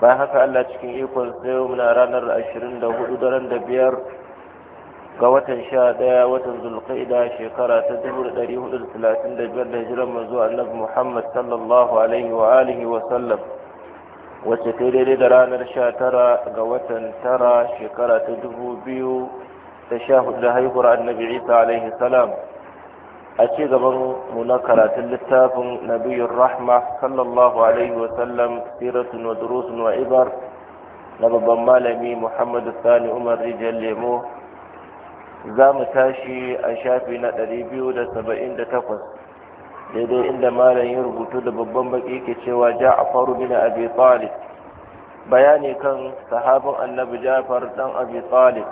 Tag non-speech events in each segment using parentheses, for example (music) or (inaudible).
bayan haka Allah cikin ikon sai muna ranar 24 daren da biyar ga watan 11 watan zulqaida shekara ta 1435 da hijiran manzo annabi Muhammad sallallahu alaihi wa alihi wa sallam wacce ta daidai da ranar 19 ga watan 9 shekara ta 2000 ta sha hudu da haihuwar annabi Isa alaihi salam a ci gaban mu na karatun littafin nabiyun rahma sallallahu alaihi wasallam siratun wa durusun wa na babban malami muhammadu sani umar rijiyar lemo za mu tashi a shafi na 278 daidai inda malamin ya rubutu da babban baki ke cewa ja'faru bin abi talib bayani kan sahabin annabi ja'far ɗan abi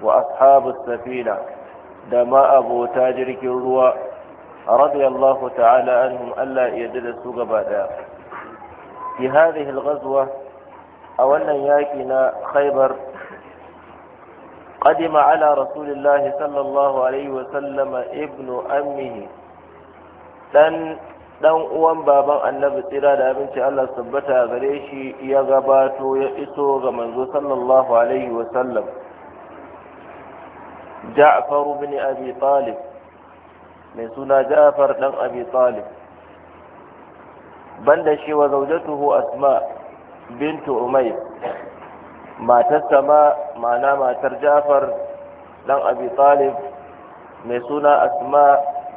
wa ashabu safina da abota jirgin ruwa radiyallahu ta'ala anhum Allah ya yarda da su gaba daya fi hadhihi al-ghazwa a wannan yaki na khaibar' Kadima على رسول الله صلى الله عليه وسلم ابن أمه dan uwan baban annabi tsira da abinci Allah tabbata gare shi ya gabato ya iso ga manzo sallallahu alaihi wa sallam ja'far bin abi mai suna ja'far dan abi talib banda shi wa zaujatuhu asma bintu Umai. matarsa ma ma'ana matar ja'far dan abi talib mai suna asma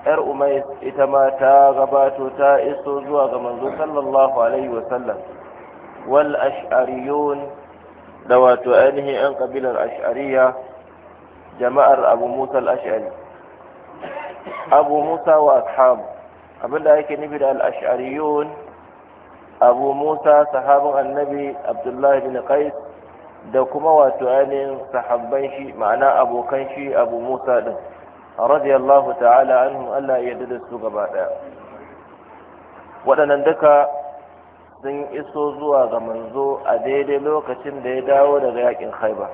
yar umayr ita ma ta gabato ta iso zuwa ga manzo sallallahu alaihi wa sallam wal ash'ariyun da wato ainihin yan kabilar ash'ariya jama'ar abu musa al'ashari abu musa wa ashabu abinda ake nufi da al-ash'ariyun abu musa sahabin annabi abdullahi bin qais da kuma wato ainihin sahabban shi ma'ana abokan shi abu musa din radiyallahu ta'ala anhum Allah ya yarda su gaba daya waɗannan duka sun iso zuwa ga manzo a daidai lokacin da ya dawo daga yakin khaibar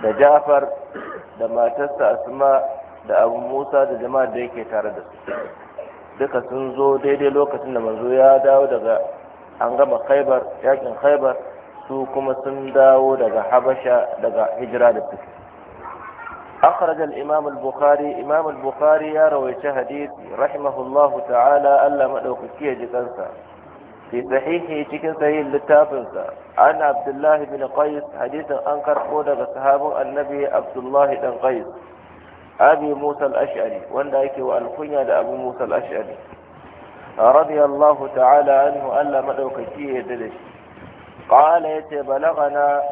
da jafar da matarsa asma da abu musa da jama'a da yake tare da su duka sun zo daidai lokacin da manzo ya dawo daga an gama khaibar yakin khaibar su kuma sun dawo daga habasha daga hijira da suke أخرج الإمام البخاري إمام البخاري يا رويت حديث رحمه الله تعالى ألا مدوككية fi sahihi cikin sahihin littafinsa an abdullahi bin qais hadisin an karɓo daga sahabin annabi abdullahi dan qais abi musa al-ash'ari wanda yake wa alkunya da abu musa al-ash'ari radiyallahu ta'ala anhu Allah madaukaki ya yarda da shi qala yace balagana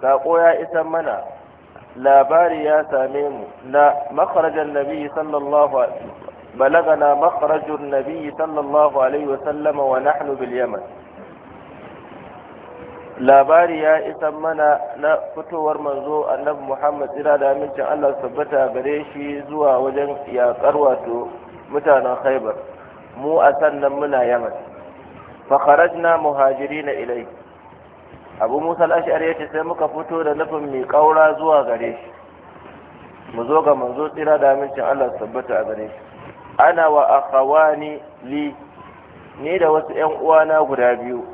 sako ya isa mana labari ya same mu na makarajan nabi sallallahu بلغنا مخرج النبي صلى الله عليه وسلم ونحن باليمن labari ya isa mana na fitowar manzo annabi muhammad tsira da amincin allah tabbata gare shi zuwa wajen yaƙar wato mutanen khaibar mu a sannan muna yaman muhajiri na ilai abu musa al-ash'ari yace sai muka fito da nufin mai kaura zuwa gare shi mu zo ga manzo tsira da amincin allah tabbata a gare shi ana wa akhawani li ni da wasu ƴan uwana guda biyu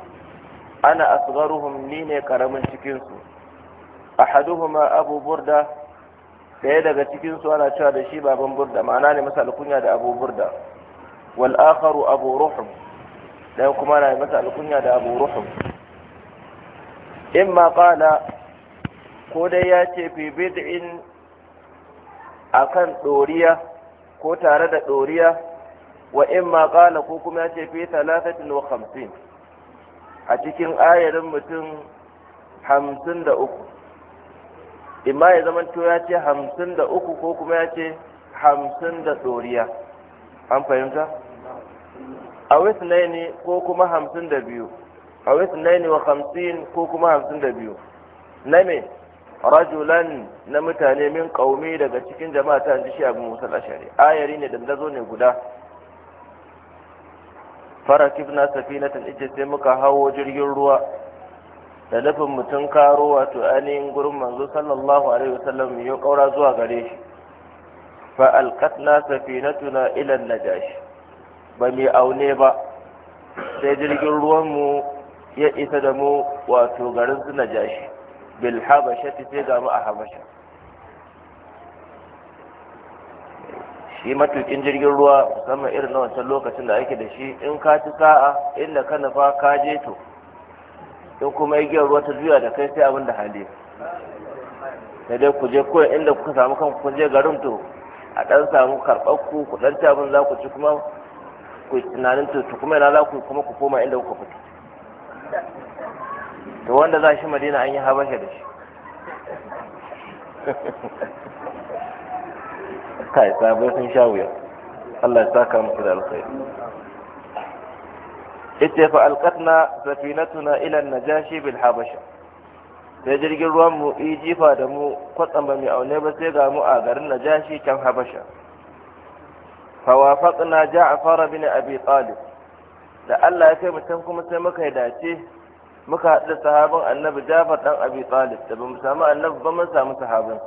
ana asgharuhum ni ne karamin cikin su ahaduhuma abu burda ɗaya daga cikin su ana cewa da shi baban burda ma'ana ne masa alkunya da abu burda wal akharu abu ruhum ɗaya kuma na masa alkunya da abu ruhum imma qala ko dai ya ce bi bid'in akan ɗoriya ko tare da ɗoriya wa in ma ƙala ko kuma ya ce fi talatin wa hamsin a cikin ayarin mutum hamsin da uku imma ya zama to ya ce hamsin da uku ko kuma ya ce hamsin da ɗoriya an fahimta a ne ko kuma hamsin da biyu a ne wa hamsin ko kuma hamsin da biyu na me rajulan na mutane min kaumi daga cikin jama'a ta ji shi abu musa al-ashari ayari ne da nazo ne guda na safinatan ita sai muka hawo jirgin ruwa da nufin mutum karo wato ainihin gurin manzo sallallahu alaihi wasallam ya kaura zuwa gare shi fa alqatna safinatuna ila an-najashi ba mai aune ba sai jirgin ruwanmu ya isa da mu wato garin su najashi bilhabasha habasha sai ga a habasha shi matukin jirgin ruwa musamman irin na wancan lokacin da ake da shi in ka ci sa'a inda ka nufa ka je to in kuma igiyar ruwa ta juya da kai sai abin da hali da dai ku je kawai inda kuka samu kanku kun je garin to a ɗan samu karɓar ku ku ɗan ci abin za ku ci kuma ku tunanin to kuma yana za ku kuma ku koma inda kuka fito to wanda za shi madina an yi habasha da shi kai sabai sun sha wuya Allah ya saka musu da alkhairi ita fa alqatna safinatuna ila najashi bil habasha sai jirgin ruwan mu yi jifa da mu kwatsam ba mai aune ba sai ga mu a garin najashi can habasha fawafaqna ja'far bin abi talib da Allah ya kai mutum kuma sai muka dace muka haɗu da sahabin annabi jafar ɗan abi talib da bamu samu annabi ba mun samu sahabin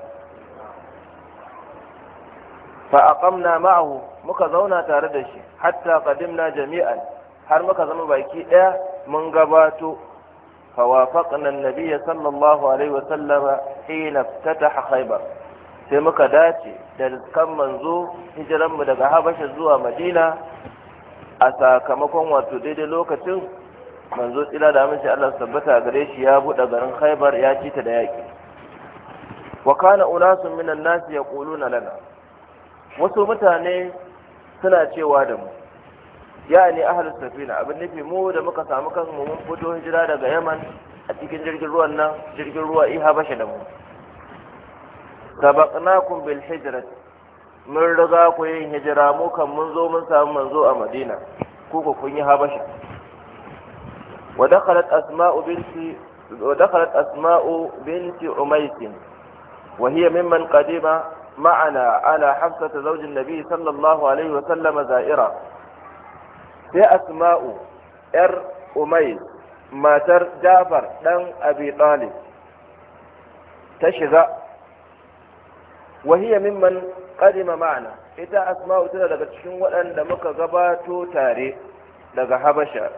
fa aqamna ma'ahu muka zauna tare da shi hatta qadimna jami'an har muka zama baki ɗaya mun gabato fa wafaqna an sallallahu alaihi wa sallama hina iftataha khaybar sai muka dace da kan manzo hijiran mu daga habasha zuwa madina a sakamakon wato daidai lokacin manzo tsira da aminci Allah tabbata gare shi ya buɗe garin Khaibar ya ci ta da yaƙi wa kana unasun minan nas yaquluna lana wasu mutane suna cewa da mu yani ahlus safina abin nufi mu da muka samu kanmu mun fito hijira daga Yaman a cikin jirgin ruwan nan jirgin ruwa i habasha da mu sabaqnakum bil hijrat mun riga ku yin hijira mu kan mun zo mun samu manzo a Madina ku ku kun yi habasha ودخلت أسماء بنت ودخلت أسماء بنت عميس وهي ممن قدم معنا على حفصة زوج النبي صلى الله عليه وسلم زائرة في أسماء إر أميس ما تر جعفر دن أبي طالب تشغى وهي ممن قدم معنا إذا أسماء تلا لغتشن وأن لمك غباتو تاري لغ حبشا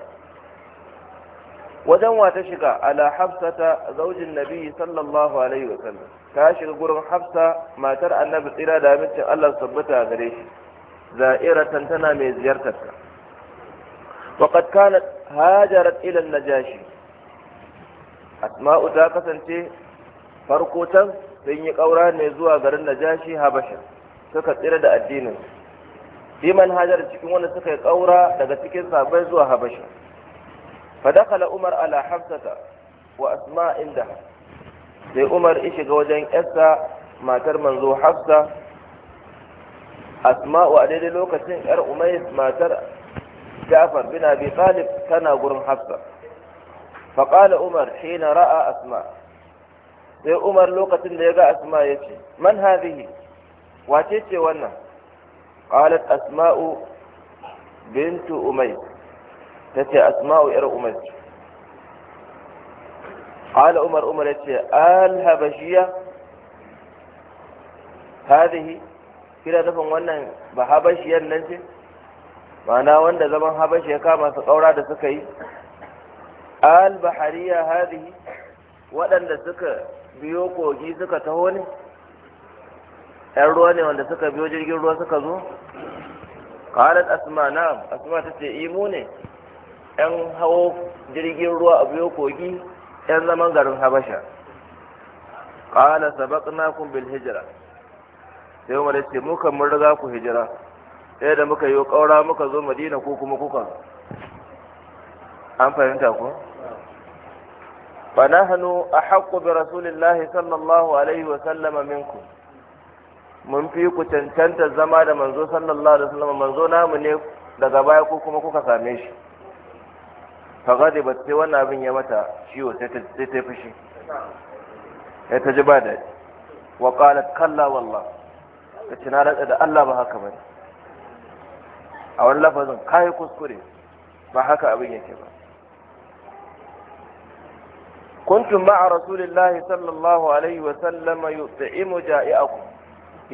wajen wa ta shiga ala ta. zaujin nabi sallallahu alaihi wa sallam ta shiga gurin hafsa matar annabi tsira da amincin Allah sabbata a gare shi za'iratan tana mai ziyartar ta wa qad kanat hajarat ila najashi asma'u ta kasance farko can sun yi kaura ne zuwa garin najashi habasha suka tsira da addinin liman hajar cikin wanda suka yi kaura daga cikin sabai zuwa habasha fadakala umar ala hafsata wa asma inda sai umar ya shiga wajen yarsa matar manzo hafsa asma'u a daidai lokacin yar umayis matar jafar bin abi talib tana gurin hafsa faƙala umar hina ra'a asma sai umar lokacin da ya ga asma ya ce man hadhihi wace ce wannan qalat asma'u bintu umayis ta ce asma'u yar umar ce umar umar ya ce Al-Habashiya. hadihi kira nufin wannan ba habashiyar nan ce ma'ana wanda zaman habashi ya kama su kaura da suka yi Al-Bahariya hadihi waɗanda suka biyo kogi suka taho ne ‘yan ruwa ne wanda suka biyo jirgin ruwa suka zo ƙalat asma na asma ta ce imu ne 'yan hawo jirgin ruwa a biyo kogi 'yan zaman garin habasha ƙala kun bil hijira sai umar ce muka mun riga ku hijira sai da muka yi ƙaura muka zo madina ko kuma kuka an fahimta ku fa a haƙƙo bi rasulillahi sallallahu alaihi wa sallama minku. mun fi ku cancanta zama da manzo sallallahu alaihi wa sallama manzo namu ne daga baya ko kuma kuka same shi fagadi ba sai wannan abin ya mata ciwo sai ta fushi ya ta ji ba daɗi wa ƙalat kalla wallah ta ci na da Allah ba haka bane a wani lafazin kayi kuskure ba haka abin yake ba kuntum ma'a rasulillahi sallallahu alaihi wa sallama yut'imu ja'i'aku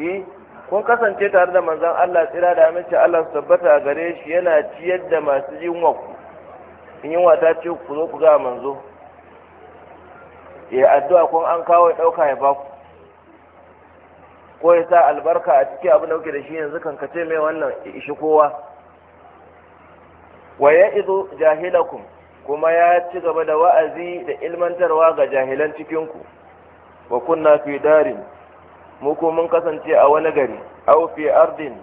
eh kun kasance tare da manzon Allah tsira da aminci Allah su tabbata a gare shi yana ciyar da masu yin ku in yi wata ce ku zo ku ga manzo ya addu'a kun an kawo ya ɗauka ya baku ko ya sa albarka a cikin abin da kuke da shi yanzu kan kace mai wannan ishi kowa wa ya izo jahilakum kuma ya ci gaba da wa'azi da ilmantarwa ga jahilan cikinku wa kunna fi darin mu ko mun kasance a wani gari aw fi ardin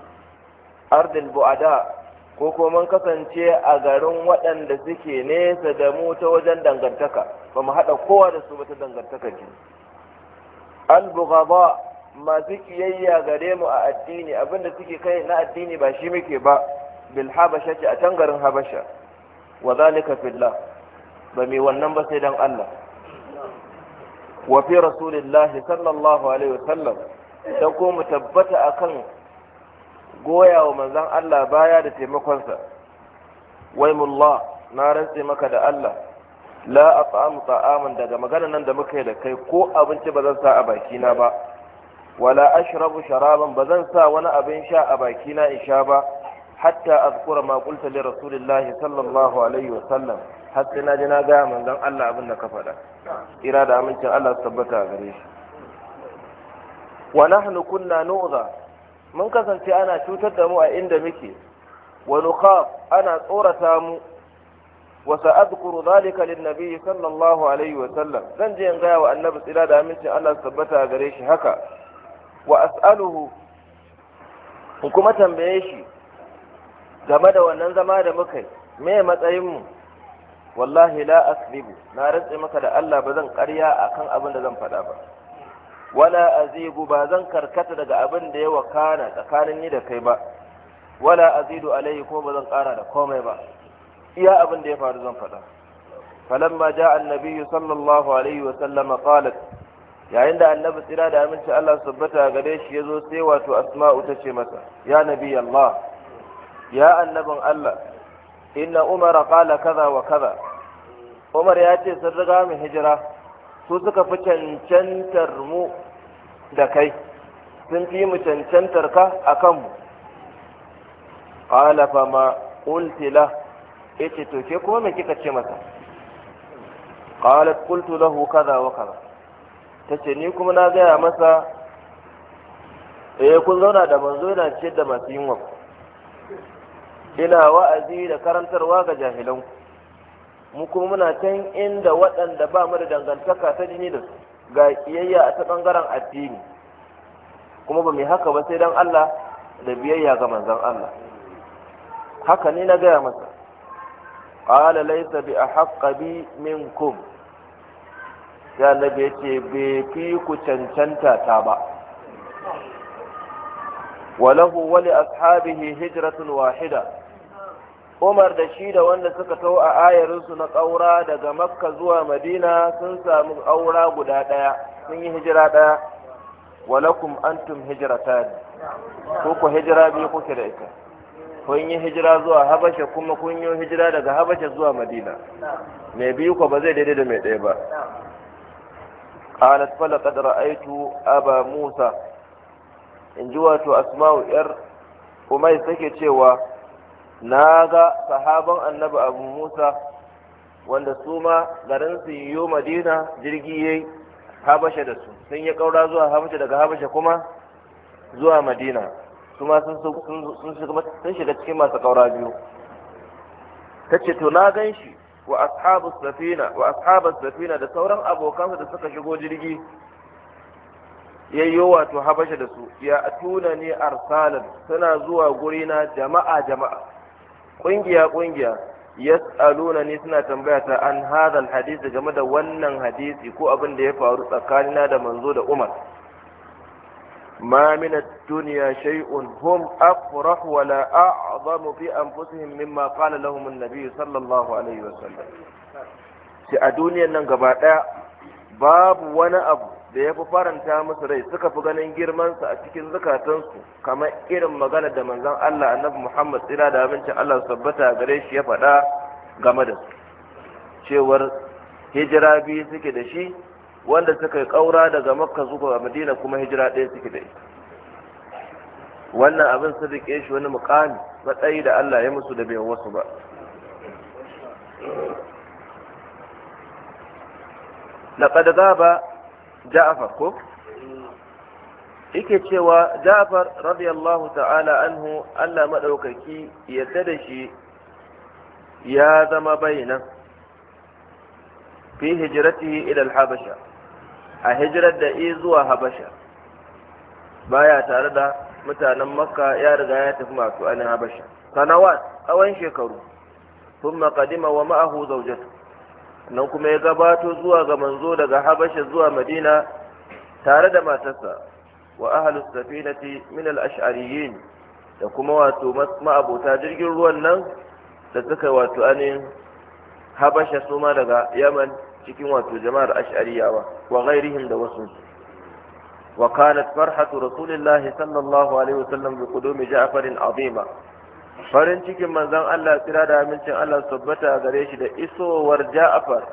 ardin bu'ada ko ko mun kasance a garin waɗanda suke nesa da mu ta wajen dangantaka ba mu haɗa kowa da su ba ta dangantaka ce al masu kiyayya gare mu a addini abinda suke kai na addini ba shi muke ba bil habasha ce a can garin habasha wa zalika fillah ba mai wannan ba sai dan Allah wa fi rasulillahi sallallahu alaihi wasallam da ko mu tabbata akan goya wa manzan Allah baya da taimakonsa waimullah na rantse maka da Allah la at'amu ta'aman daga magana nan da muka yi da kai ko abinci ba zan sa a bakina ba wala ashrabu sharaban ba zan sa wani abin sha a bakina in sha ba hatta azkura ma qulta li rasulillahi sallallahu alaihi wa har na ji na ga manzan Allah abin da ka faɗa ira da amincin Allah tabbata a gare shi wa nahnu kunna nu'za mun kasance ana cutar da mu a inda muke wa nukhaf ana tsorata mu wa sa'adkuru zalika linnabi sallallahu alaihi wa sallam zan je in gaya wa annabi tsira da amincin Allah tabbata gare shi haka wa as'aluhu in kuma tambaye shi game da wannan zama da muka yi me matsayin mu wallahi la asbibu na rantse maka da Allah ba zan ƙarya akan abin da zan faɗa ba wala azibu ba zan karkata daga abin da ya wakana tsakanin ni da kai ba wala azidu alaihi ko ba zan kara da komai ba iya abin da ya faru zan faɗa falamma ja annabiyyu sallallahu alaihi wa sallam qalat yayin da annabi tsira da aminci Allah subbata gare shi yazo sai wato asma'u tace masa ya nabi Allah ya annabin Allah inna umara qala kaza wa kaza umar ya ce sun riga mu hijira su suka fi cancantar mu da kai sun fi mu cancantar ka a kanmu ƙala fa ma ƙultila ya ce to ke kuma me kika ce masa ƙala ƙultu lahu kaza wa kaza ta ce ni kuma na gaya masa eh kun zauna da manzo yana ce da masu yunwa ina wa'azi da karantarwa ga jahilanku mu kuma muna can inda waɗanda ba mu da dangantaka ta jini da su ga biyayya a ta ɓangaren addini kuma ba mu haka ba sai don Allah da biyayya ga manzon Allah haka ne na gaya masa qala laysa bi ahqqa bi minkum ya annabi yace bai fi ku cancanta ta ba walahu wali ashabihi hijratun wahida umar da shi da wanda suka tau a ayarinsu na ƙaura daga makka zuwa madina sun samu aura guda ɗaya sun yi hijira ɗaya walakum antum hijiratan ko ku hijira biyu kuke da ita kun yi hijira zuwa habasha kuma kun yi hijira daga habasha zuwa madina mai biyu ko ba zai daidai da mai ɗaya ba qalat fa laqad ra'aytu aba musa in ji wato asma'u yar umai take cewa na ga sahaban annabi abu musa wanda su ma garin su yiwu madina jirgi ya yi habasha da su sun yi kaura zuwa habasha daga habasha kuma zuwa madina su ma sun shiga cikin masu kaura biyu ta ce to na gan shi wa ashabu safina wa ashabu safina da sauran abokansa da suka shigo jirgi yayyo wato habasha da su ya tuna ne arsalan suna zuwa gurina jama'a jama'a kungiya kungiya yas'aluna ni suna tambaya ta an hadal hadisi game da wannan hadisi ko abin da ya faru tsakanina da manzo da Umar ma min ad-dunya shay'un hum afrah wa la a'zamu fi anfusihim mimma qala lahum an-nabi sallallahu alaihi sallam. sai a duniyar nan gaba daya babu wani abu da ya fi faranta musu rai suka fi ganin girmansa a cikin zukatansu kamar irin magana da manzon Allah annabi Muhammad tsira da abinci Allah su tabbata gare shi ya faɗa game da su cewar hijira biyu suke da shi wanda suka yi ƙaura daga makka zuwa madina kuma hijira ɗaya suke da ita wannan abin su riƙe shi wani mukami matsayi da Allah ya musu da bai wasu ba لقد غاب ja'far ko yake cewa ja'far radiyallahu ta'ala anhu Allah madaukaki yadda da shi ya zama bayinan fi hijratihi ila al-habasha a hijrar da yi zuwa habasha baya tare da mutanen makka ya riga ya tafi masu ainihin habasha sanawat tsawon shekaru kadima wa ma'ahu زوجته nan kuma ya gabato zuwa ga manzo daga habasha zuwa madina tare da matarsa wa ahlus safinati min al-ash'ariyin da kuma wato ma'abota jirgin ruwan nan da suka wato anin habasha su ma daga yaman cikin wato jama'ar ash'ariyawa wa ghairihim da wasu wa kanat farhatu rasulillahi sallallahu alaihi wasallam bi qudumi ja'farin azima farin cikin manzon Allah sira da amincin Allah tabbata a gare shi da isowar Ja'far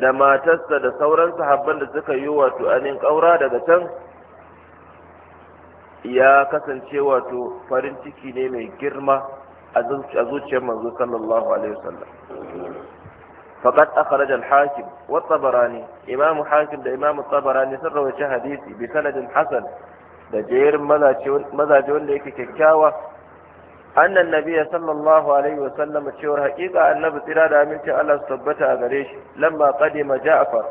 da matarsa da sauran sahabban da suka yi wato anin ƙaura daga can ya kasance wato farin ciki ne mai girma a zuciyar manzo sallallahu alaihi wasallam faqad akhraj al-hakim wa tabarani imam hakim da imam tabarani sun rawaita hadisi bi sanadin hasan da jayir mazaje wanda yake kyakkyawa annan nabiya sallallahu alaihi wa sallam cewar haƙiƙa annabi tsira da amincin Allah su tabbata a gare shi lamma qadima Ja'far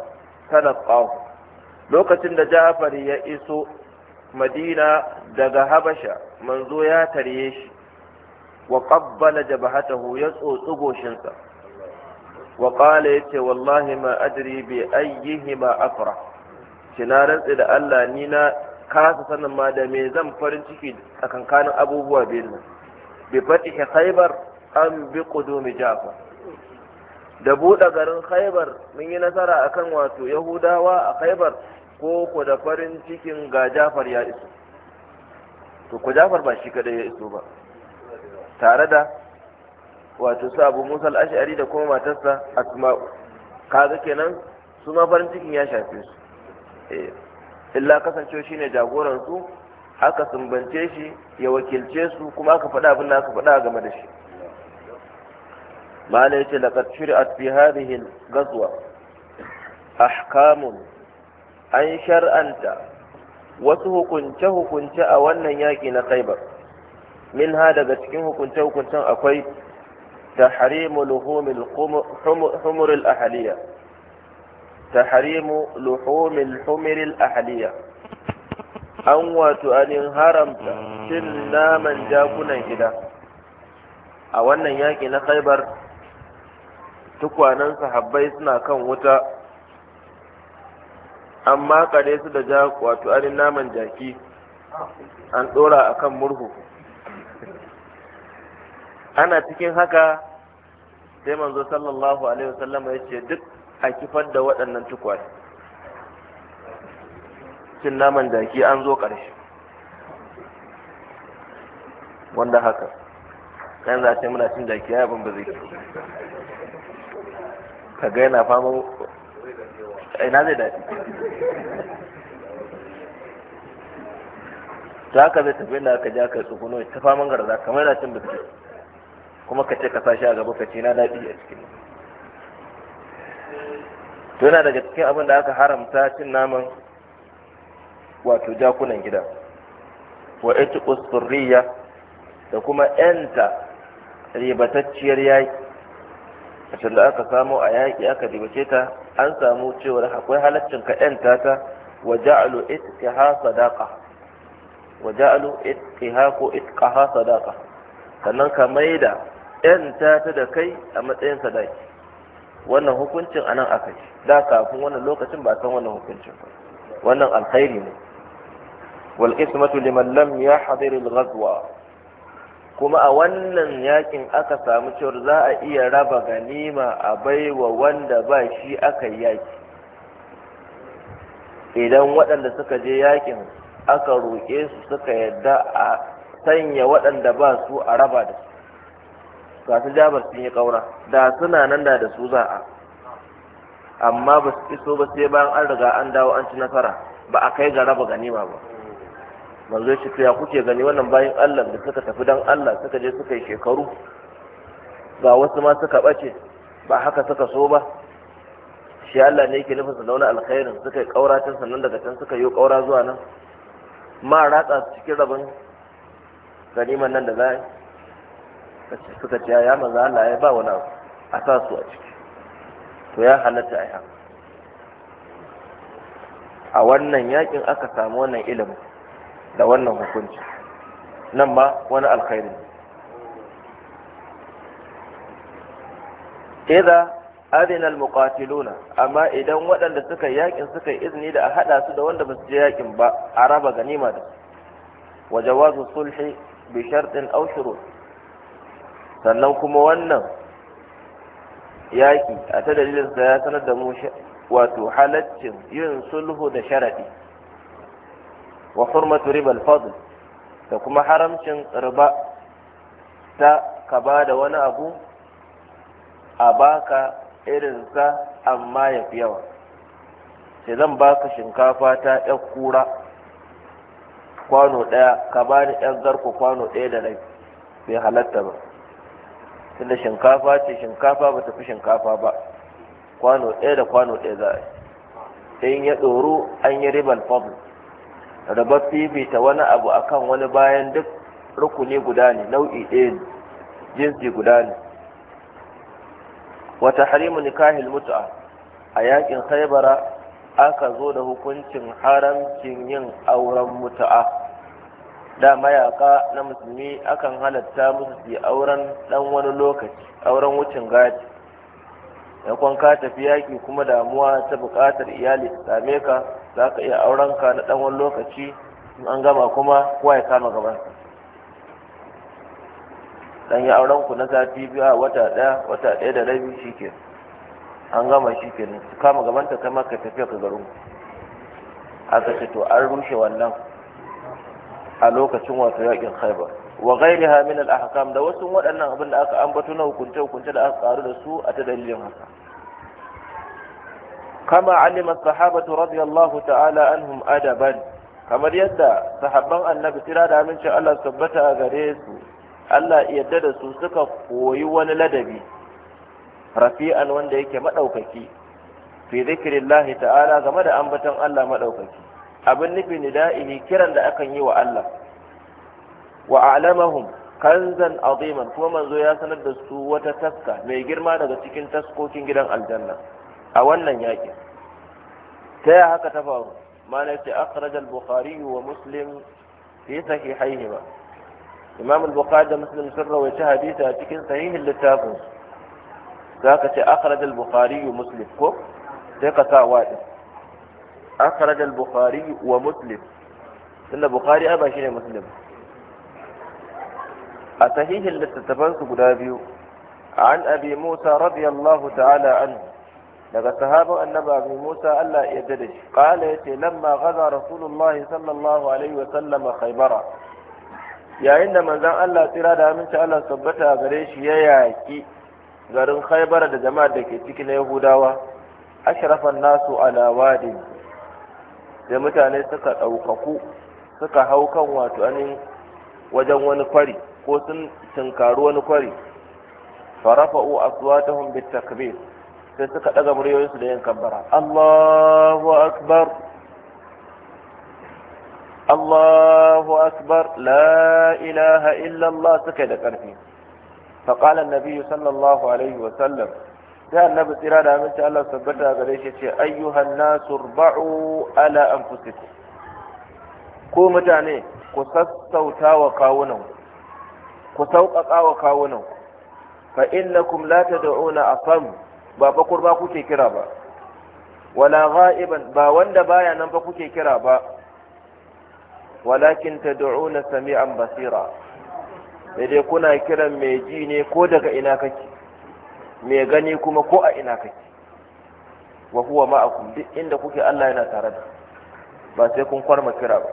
talaqahu lokacin da Ja'far ya iso Madina daga Habasha manzo ya tarye shi wa qabbala jabhatahu ya tsotsi goshinsa wa qala yace wallahi ma adri bi ayyihima afrah kina rantsi da Allah ni na kasa sanin ma da me zan farin ciki tsakankanin abubuwa biyu nan bi fatihi khaybar an bi da buɗe garin khaybar mun yi nasara akan wato yahudawa a khaybar ko ku da farin cikin ga jafar ya iso to ku jafar ba shi kadai ya iso ba tare da wato su abu musa al'ashari da kuma matarsa asma'u kaga kenan su ma farin cikin ya shafe su eh, illa kasancewa shine jagoran su aka sumbance shi ya wakilce su kuma aka faɗa abin da aka faɗa game da shi mala yace laqad shuri'at fi hadhihi al-ghazwa ahkamun an shar'anta wasu hukunce hukunce a wannan yaki na Khaibar min ha daga cikin hukunce hukuncen akwai tahrimu luhumil humuril ahliya tahrimu luhumil humuril ahliya an wato anin haramta mm. cin naman jakunan gida a wannan yaƙi na khaibar tukwanen sahabbai suna kan wuta an makare su da jaku wato anin naman jaki an ɗora a kan murhu ana cikin haka sai manzo sallallahu alaihi wasallama ya ce duk a kifar da waɗannan tukwane cin naman jaki an zo ƙarshe wanda haka kan za a ce muna cin jaki ya abin ba zai ka ga yana fama ina zai daɗi za haka zai tafi da aka ja ka tsuguno ta faman garza kamar yana cin biskit kuma ka ce ka sashi a gaba ka ce na daɗi a cikin to yana daga cikin abin da aka haramta cin naman wato jakunan gida. wa ita surriya da kuma yanta ribatacciyar yayi a da aka samo a yaki aka ribace ta an samu cewar akwai halaccin ka yanta ta wa ja'alu itqaha sadaqa wa ja'alu itqaha ko itqaha sadaqa sannan ka maida yanta ta da kai a matsayin sadaki wannan hukuncin anan akai da kafin wannan lokacin ba san wannan hukuncin ba wannan alkhairi ne wal ismatu liman lam yahdhir al ghazwa kuma a wannan yakin aka samu cewa za a iya raba ganima a wa wanda ba shi aka yaki idan waɗanda suka je yakin aka roƙe su suka yadda a sanya waɗanda ba su a raba da su ga su sun yi ƙaura da suna nan da su za a amma ba su iso ba sai bayan an riga an dawo an ci nasara ba a kai ga raba ganima ba manzo shi to ya kuke gani wannan bayan Allah da suka tafi dan Allah suka je suka yi shekaru ga wasu ma suka bace ba haka suka so ba shi Allah ne yake nufin sanauna alkhairin suka yi kaura can sannan daga can suka yi kaura zuwa nan ma ratsa su cikin rabin ganiman nan da za suka ce ya manzo Allah ya ba wani asasu a sa ciki to ya halatta a a wannan yakin aka samu wannan ilimin da wannan hukunci nan ma wani alkhairi idza adina almuqatiluna amma idan waɗanda suka yakin suka izini da a hada su da wanda ba su je yakin ba a raba ganima da su wa sulhi bi shartin aw shurut sannan kuma wannan yaki a ta dalilin sa ya sanar da mu wato halaccin yin sulhu da sharadi wa hurmatu riba al-fadl da kuma haramcin riba ta ka ba da wani abu a baka irinsa amma ya fi yawa sai zan baka shinkafa ta yan kura kwano ɗaya ka ba ni yan zarko kwano ɗaya da rai bai halatta ba tunda shinkafa ce shinkafa ba ta fi shinkafa ba kwano ɗaya da kwano ɗaya za a yi in ya ɗoro an yi ribal fadl rabar fifita wani abu akan wani bayan duk rukuni guda ne nau'i ɗaya ne jinsi guda ne wata harimu nikahil mutu'a a yakin khaibara aka zo da hukuncin haramcin yin auren mutu'a da mayaka na musulmi akan halatta musu su auren dan wani lokaci auren wucin gadi yakon ka tafi yaki kuma damuwa ta bukatar iyali ta same ka za ka iya auren ka na ɗan wani lokaci in an gama kuma kowa ya kama gaban dan ya auren ku na biyu biya wata ɗaya wata ɗaya da rabi shike an gama shike ne su kama gaban ta kai ka tafiya ka garin aka ce to an rushe wannan a lokacin wato yakin khaibar wa ghairiha min al ahkam da wasu waɗannan abin da aka ambato na hukunce hukunce da aka karu da su a ta dalilin haka kama alima sahabatu radiyallahu ta'ala anhum adaban kamar yadda sahabban annabi tira da amincin Allah tabbata a gare su Allah yadda da su suka koyi wani ladabi rafi'an wanda yake maɗaukaki. fi zikrillah ta'ala game da ambaton Allah madaukaki abin nufi nida'ihi kiran da akan yi wa Allah wa a'lamahum kanzan aziman kuma manzo ya sanar da su wata taska mai girma daga cikin taskokin gidan aljanna a wannan yakin كاها كتفار ما نأتي أخرج البخاري ومسلم في صحيحيهما إمام البخاري ده مسلم سر ويتها ديتها تكن صحيح اللي تابو ذاك أخرج البخاري ومسلم كوك تيكا تاوات أخرج البخاري ومسلم إن البخاري أبا شيني مسلم أتهيه اللي تتفنس بنابيو عن أبي موسى رضي الله تعالى عنه daga sahabar annaba mai musa allah ya da shi kala ya ce lamma gaza rasulullah sallallahu alaihi wa sallama khaybara yayin da manzon allah tsira da aminci allah tabbata gare shi ya yaki garin khaybara da jama'ar da ke ciki na yahudawa ashrafan nasu ala wadin da mutane suka ɗaukaku suka hau kan wato anin wajen wani kwari ko sun tunkaru wani kwari farafa'u aswatahum bitakbir sai suka daga muryoyinsu da yin kambara. Allahu akbar Allahu akbar la ilaha illallah! Allah suka da ƙarfi. fa Nabiyu sallallahu alaihi wa sallam sai annabi tsira da aminci Allah sabbata gare shi ce ayyuhan nasu ba'u ala anfusikum Ku mutane ku sassauta wa kawunan ku sauƙaƙa wa kawunan fa innakum la tad'una asam ba fa kurba kuke kira ba wala ghaiban ba wanda baya nan ba kuke kira ba walakin tad'una sami'an basira sai dai kuna kiran mai ji ne ko daga ina kake mai gani kuma ko a ina kake wa huwa ma'akum duk inda kuke Allah yana tare da ba sai kun kwarma kira ba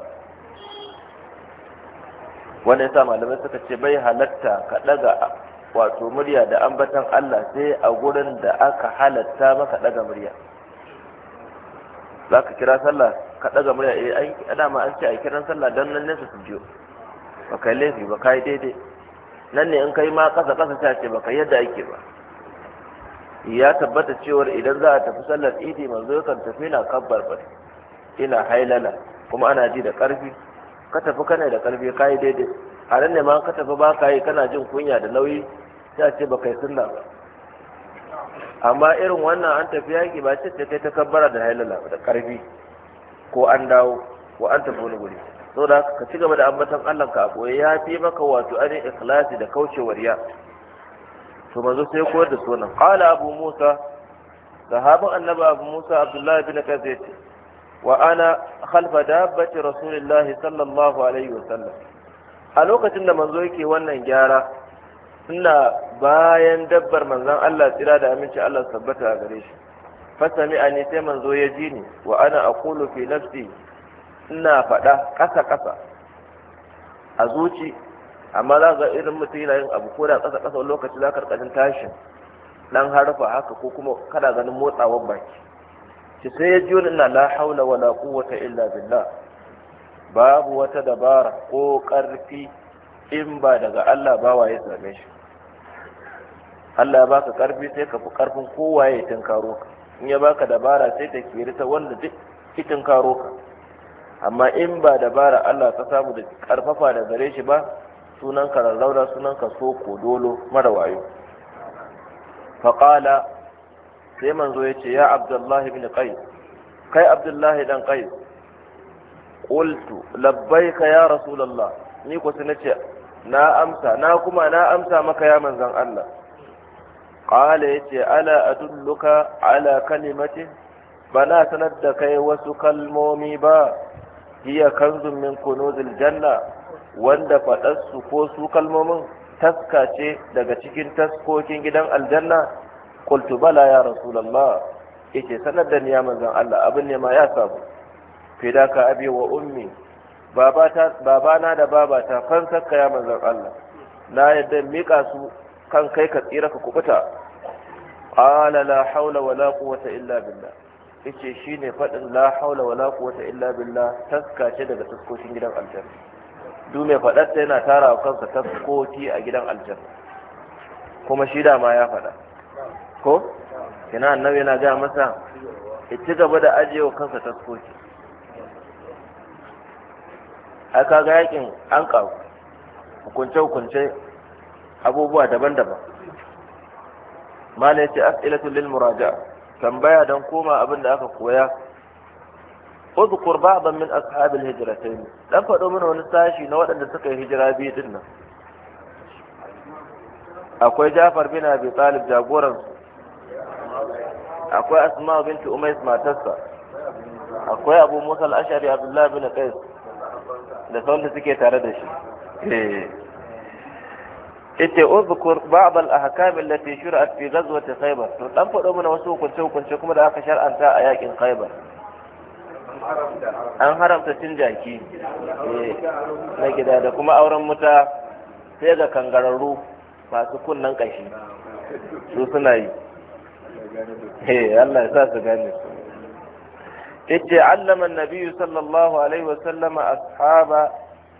ya yasa malamai suka ce bai halatta ka daga wato murya da ambatan Allah sai a gurin da aka halatta maka daga murya za ka kira sallah ka daga murya eh ana ma an ce a kiran sallah dan nan nesa su biyo ba kai laifi ba kai daidai nan ne in kai ma kasa kasa ta ce ba kai yadda ake ba ya tabbata cewar idan za a tafi sallar idi manzo kan tafi na kabbar ba ina hailala kuma ana ji da karfi ka tafi kana da karfi kai daidai a nan ne ma ka tafi ba ka yi kana jin kunya da nauyi sai a ce ba kai sunna ba amma irin wannan an tafi yaƙi ba ce kai ta kabbara da halala da ƙarfi ko an dawo ko an tafi wani guri da ka ci gaba da ambatan Allah ka koyi ya fi maka wato ani ikhlasi da kauce wariya to manzo sai koyar da sunan qala abu musa sahabin annabi abu musa abdullahi bin kazaiti wa ana khalfa dabbati rasulillahi sallallahu alaihi wa sallam a lokacin da manzo yake wannan gyara ina bayan dabbar manzon Allah tsira da aminci Allah tabbata a gare shi fasami a ne sai manzo ya ji ni wa ana aqulu fi nafsi ina faɗa ƙasa ƙasa a zuci amma za ga irin mutum yana yin abu ko da ƙasa ƙasa lokaci za ka ƙarƙashin tashin dan harfa haka ko kuma kada ganin motsawar baki ki sai ya ji wani ina la haula wala quwwata illa billah babu wata dabara ko ƙarfi in ba daga Allah ba waye same shi Allah ba ka ƙarfi sai ka fi ƙarfin kowa ya tunkaro ka in ya baka dabara sai ta kiri ta wanda duk ki tunkaro ka amma in ba dabara Allah ka samu da ƙarfafa da gare shi ba sunan ka rarraura sunan ka ko dolo mara wayo faƙala sai manzo ya ce ya abdullahi bin qais kai abdullahi dan qais qultu labbaika ya rasulullah ni ko sai nace na amsa na kuma na amsa maka ya manzon Allah qala yace ala adulluka ala kalimati bana sanar da kai wasu kalmomi ba iya kanzumin min kunuzil janna wanda faɗarsu ko su kalmomin taska ce daga cikin taskokin gidan aljanna qultu bala ya rasulullah yace sanar da ni ya Allah abin ne ma ya samu fidaka abi wa ummi babana da babata kan sakka ya manzon Allah na yadda mika su kan kai ka tsira ka kubuta qala la haula wala quwwata illa billah yace shine fadin la haula wala quwwata illa billah taska ce daga taskokin gidan aljanna duk mai fadar yana tara wa kansa taskoki a gidan aljanna kuma shi da ma ya fada ko kina annabi yana ga masa ya ci gaba da ajewa kansa taskoki ai kaga yakin an karu hukunce hukunce abubuwa daban-daban mala yace as'ilatu lil muraja'a tambaya don koma abin da aka koya uzkur ba'dan min ashabil hijratain dan fado mana wani sashi na waɗanda suka yi hijira biyu din nan akwai Jafar bin Abi Talib jagoran akwai Asma bint Umays matarsa akwai Abu Musa al-Ash'ari Abdullah bin Qais da sauran da suke tare da shi ita eh. uzkur ba'd al-ahkam allati shur'at fi ghazwati khaybar to dan fado mana wasu hukunce hukunce kuma da aka shar'anta a yakin khaybar an haramta cin jaki eh, na gida da kuma auren muta sai ga kangararru masu kunnen kashi su suna yi eh, Allah ya sa su gane su yace allama annabi sallallahu alaihi wa sallama ashaba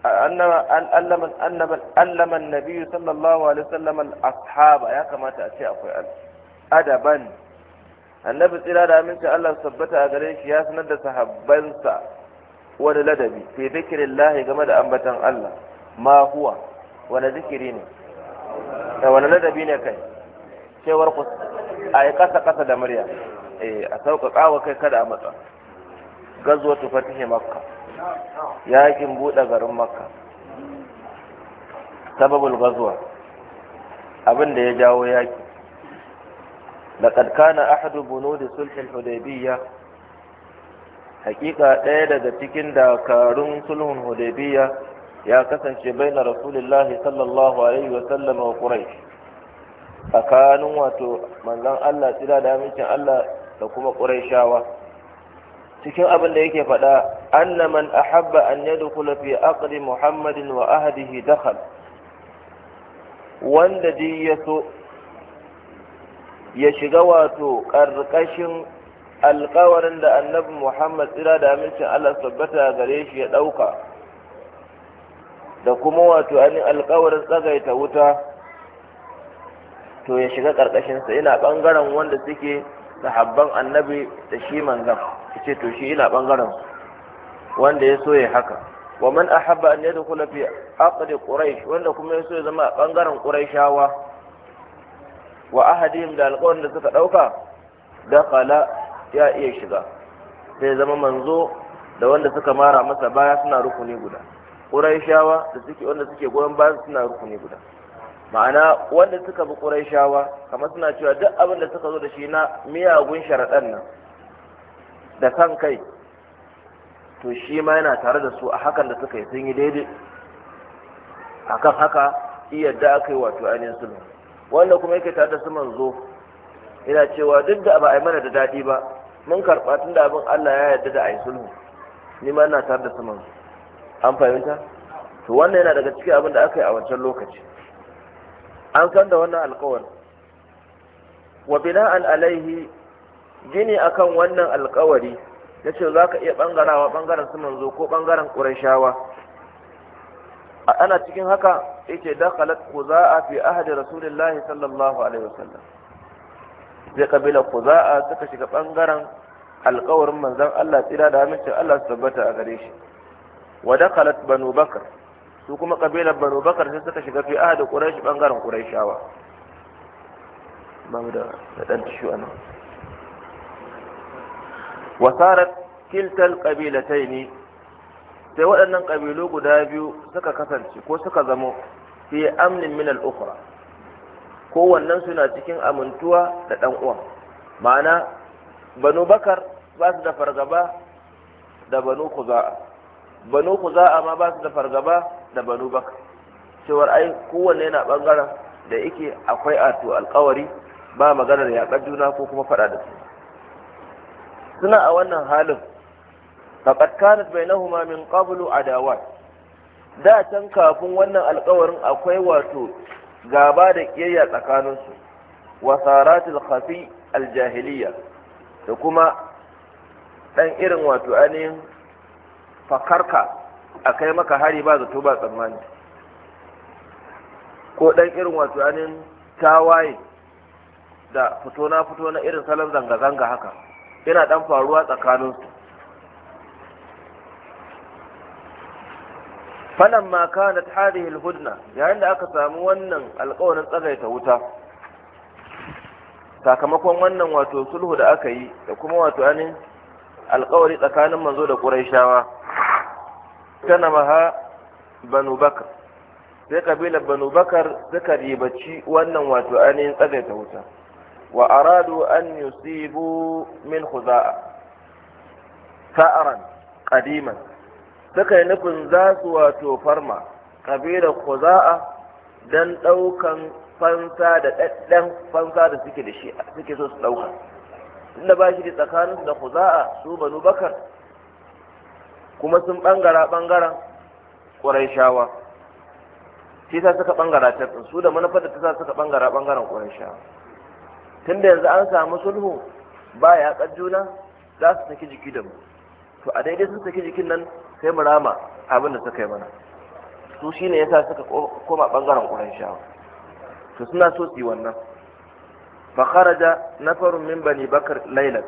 annama allama annaba allama annabi sallallahu alaihi wa sallama ashaba ya kamata a ce akwai adaban annabi tsira da aminci Allah sabbata a gare shi ya sanar da sahabbansa wani ladabi fi zikirin lahi game da ambatan Allah ma huwa wani zikiri ne da wani ladabi ne kai cewar ku a yi kasa kasa da murya eh, a sauƙaƙa wa kai kada a matsa ta fatihi makka yakin buɗe garin makka sababul gazwa abin da ya jawo yaki laqad kana ahadu bunudi sulhul hudaybiyya hakika ɗaya daga cikin dakarun sulhun hudaybiyya ya kasance baina rasulullahi sallallahu alaihi wa sallam wa quraish tsakanin wato manzon Allah tsira da amincin Allah da kuma quraishawa cikin abin da yake faɗa anna man ahabba an yadkhula fi aqli muhammadin wa ahdihi dakhal wanda dai ya so ya shiga wato ƙarƙashin alƙawarin da annabi muhammad tsira da amincin allah tabbata gare shi ya ɗauka da kuma wato ainihin alƙawarin tsagaita wuta to ya shiga ƙarƙashinsa yana ɓangaren wanda suke sahabban annabi da shi manzan ce to shi ina bangaren wanda ya so ya haka wa man ahabba an yadkhula fi aqd quraish wanda kuma ya so ya zama a bangaren quraishawa wa ahadihim da alƙawarin da suka dauka dakala ya iya shiga sai zama manzo da wanda suka mara masa baya suna rukuni guda quraishawa da suke wanda suke goyon baya suna rukuni guda ma'ana wanda suka bi ƙurayshawa kamar suna cewa duk abin da suka zo da shi na miyagun sharaɗan nan da kan kai to shi ma yana tare da su a hakan da suka yi sun yi daidai akan haka iyadda aka yi wato ainihin sulhu wanda kuma yake tare da su manzo yana cewa duk da ba a yi mana da daɗi ba mun karɓa tun da abin Allah ya yarda da a yi sulhu ni ma ina tare da su manzo an fahimta to wannan yana daga cikin abin da aka yi a wancan lokaci an san da wannan alkawar wa bina'an alaihi gini akan wannan alkawari na ce za ka iya ɓangarawa ɓangaren su manzo ko ɓangaren ƙurashawa A ana cikin haka ku za a fi ahdi rasulillahi sallallahu alaihi wasallam zai kabila ku za a suka shiga ɓangaren alkawarin manzon Allah tsira da hamishin Allah su tabbata a gare shi wa dakalat banu bakar su kuma kabilar banu bakar sai suka shiga fi ahadu quraish bangaren quraishawa ba mu da dan tishu anan wa sarat kiltal qabilataini sai waɗannan ƙabilu guda biyu suka kasance ko suka zamo fi amnin min al-ukhra wannan suna cikin amintuwa da ɗan uwan ma'ana banu bakar ba su da fargaba da banu kuza'a banu kuza'a ma ba su da fargaba da banu bakar cewar ai kowanne yana bangaren da yake akwai ato alkawari ba maganar yaƙar juna ko kuma faɗa da su suna a wannan halin faqad kanat bainahuma min qablu adawat da can kafin wannan alkawarin akwai wato gaba da kiyayya tsakaninsu su saratul khafi aljahiliya da kuma dan irin wato ainihin fakarka a kai maka hari ba zato ba tsammani ko ɗan irin wato anin tawaye da fito na fito na irin salon zanga-zanga haka yana ɗan faruwa tsakaninsu fanan ma na tarihi alhudna yayin da aka samu wannan alƙawarin tsagaita wuta sakamakon wannan wato sulhu da aka yi da kuma wato anin alƙawari tsakanin manzo da ƙurayshawa tanamaha banu bakar sai kabilar banu bakar suka ribaci wannan wato ainihin tsagaita wuta wa aradu an yusibu min khuza'a sa'aran kadiman suka yi nufin za su wato farma kabilar khuza'a don daukan fansa da fansa da suke da shi suke so su ɗauka, inda ba shi da tsakaninsu da khuza'a su banu bakar kuma sun bangara bangaren ƙwarai-shawa shi ta suka bangara ta su da manufar da ta sa suka bangara bangaren ƙwarai-shawa tun da yanzu an samu sulhu ba ya juna za su saki jiki da mu to a daidai sun saki jikin nan sai mu rama abin da suka yi mana su shi ya yasa suka koma bangaren ƙwarai-shawa to suna so su yi wannan fa kharaja nafarun min bani bakar lailat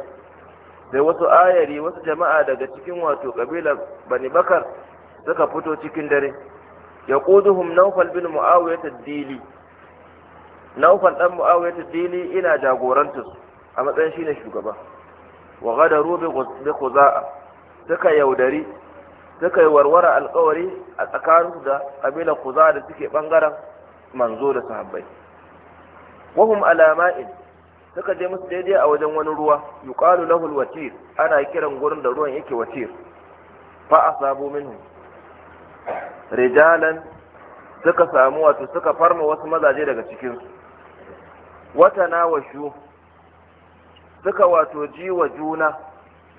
sai wasu ayari wasu jama'a daga cikin wato kabilar bani bakar suka fito cikin dare ya kuduhum naufal bin mu'awiyat dili naufal dan mu'awiyat dili ina jagorantar a matsayin shine shugaba wa gadaru bi khuza'a suka yaudari suka yi warware alkawari a tsakaninsu da kabilar khuza'a da suke bangaren manzo da sahabbai wahum alama'in suka je musu daidai a wajen wani ruwa yuqalu lahu alwatir ana kiran gurin da ruwan yake watir fa asabu minhu rijalan suka samu wato suka farma wasu mazaje daga cikin su wata nawashu suka wato ji wa juna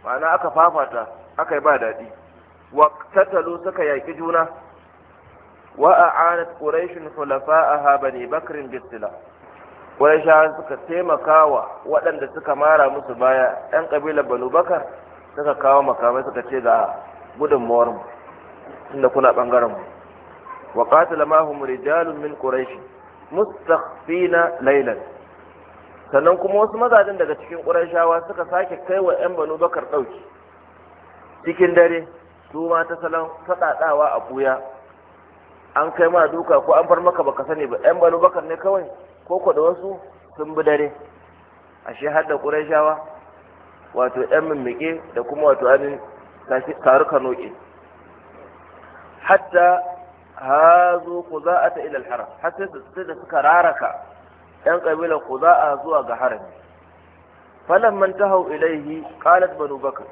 ma'ana aka fafata aka yi ba daɗi wa tattalo suka yaƙi juna wa a'anat quraishun khulafa'aha bani bakrin bisila ƙwaishawa suka taimaka wa waɗanda suka mara musu baya 'yan ƙabilar banu bakar suka kawo makamai suka ce ga gudunmuwar mu inda kuna ɓangaren mu wa qatala mahum rijalun min quraish mustakhfina laylan sannan kuma wasu mazajen daga cikin ƙurashawa suka sake kai wa 'yan banu bakar ɗauki cikin dare su ma ta salon faɗaɗawa a ɓuya an kai ma duka ko an bar maka baka sani ba 'yan banu bakar ne kawai ko ko da wasu sun bi dare ashe har da qurayshawa wato ɗan mimmike da kuma wato anin taru kanoke hatta hazo kuza'ata ila al-haram hatta sai da suka raraka ɗan ƙabilar kuza'a zuwa ga harami falamman hau ilaihi qalat banu bakr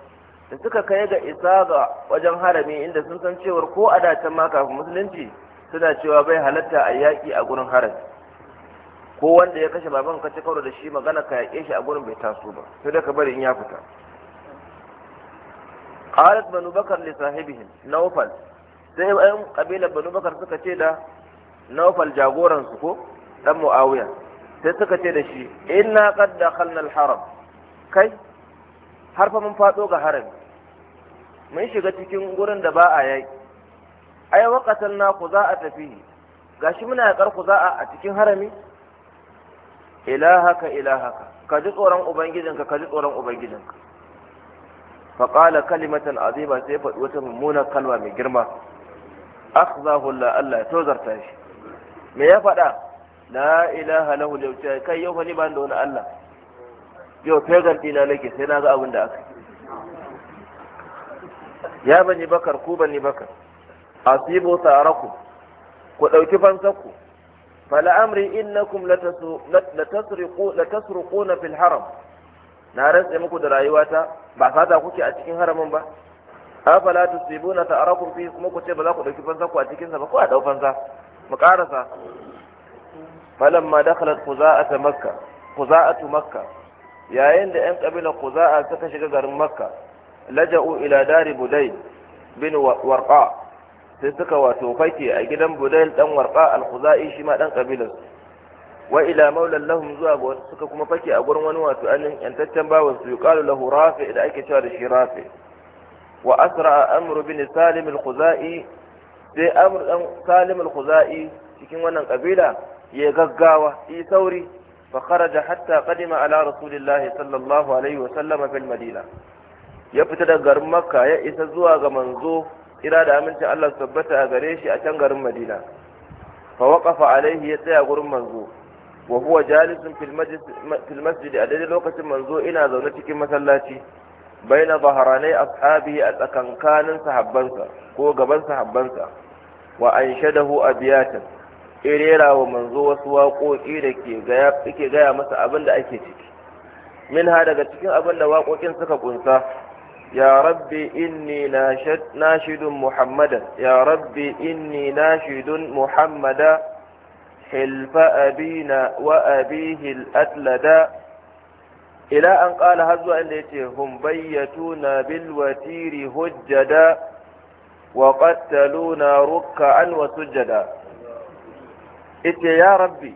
da suka kai ga isa ga wajen harami inda sun san cewar ko a dacen ma kafin musulunci suna cewa bai halatta a yaƙi a gurin harami ko wanda ya kashe baban ka ci karo da shi magana ka yaƙe shi a gurin bai taso ba sai dai ka bari in ya fita qalat banu bakar li sahibihim nawfal sai ayyun kabilar banu bakar suka ce da nawfal jagoran su ko dan muawiya sai suka ce da shi inna qad dakhalna al-haram kai har fa mun fado ga harami mun shiga cikin gurin da ba a yayi ai waqatan na ku za a tafi gashi muna karku ku a cikin harami ilahaka ilahaka ka ji tsoron ubangijinka ka ji tsoron ubangijinka fa qala kalimatan azima sai faɗi wata mummunar kalma mai girma akhzahu la Allah zarta shi me ya faɗa la ilaha lahu yauta kai yau fa ni ban da wani Allah yau fegan na nake sai na ga abin da aka ya bani bakar ku bani bakar asibu sa'araku ku ɗauki fansarku fala'amri innakum latasriquna fil haram na rantse muku da rayuwata ba fata kuke a cikin haramin ba afala tusibuna ta'arakum fi kuma ku ce ba za ku dauki fansa ku a cikin ba ko a dau mu karasa falamma dakhalat quza'at makka yayin da yan kabilar quza'a suka shiga garin makka laja'u ila dari budai bin warqa sai suka wato fake a gidan budayl dan warqa al-khuzai shi ma dan kabilar wa ila maulan lahum zuwa ga wasu suka kuma fake a gurin wani wato annin yantaccen bawan su yuqalu lahu rafi da ake cewa da shi rafi wa asra amru bin salim al-khuzai sai amru dan salim al-khuzai cikin wannan kabila ya gaggawa yi sauri fa kharaja hatta qadima ala rasulillahi sallallahu alaihi wa sallama fil madina ya fita daga garin makka ya isa zuwa ga manzo Kira da amincin Allah tabbata a gare shi a can garin Madina fa waqafa alaihi ya tsaya gurin manzo wa huwa jalisun fil masjid a daidai lokacin manzo ina zaune cikin masallaci baina zaharanai ashabihi a tsakankanin sahabbansa ko gaban sahabbansa wa anshadahu abiyatan irera wa manzo wasu waƙoƙi da ke gaya gaya masa abin da ake ciki min ha daga cikin abin da waƙoƙin suka kunsa يا ربي إني ناشد, ناشد محمدا يا ربي إني ناشد محمدا حلف أبينا وأبيه الأتلدا إلى أن قال هزوا التي هم بيتونا بالوتير هجدا وقتلونا ركعا وسجدا إتي يا ربي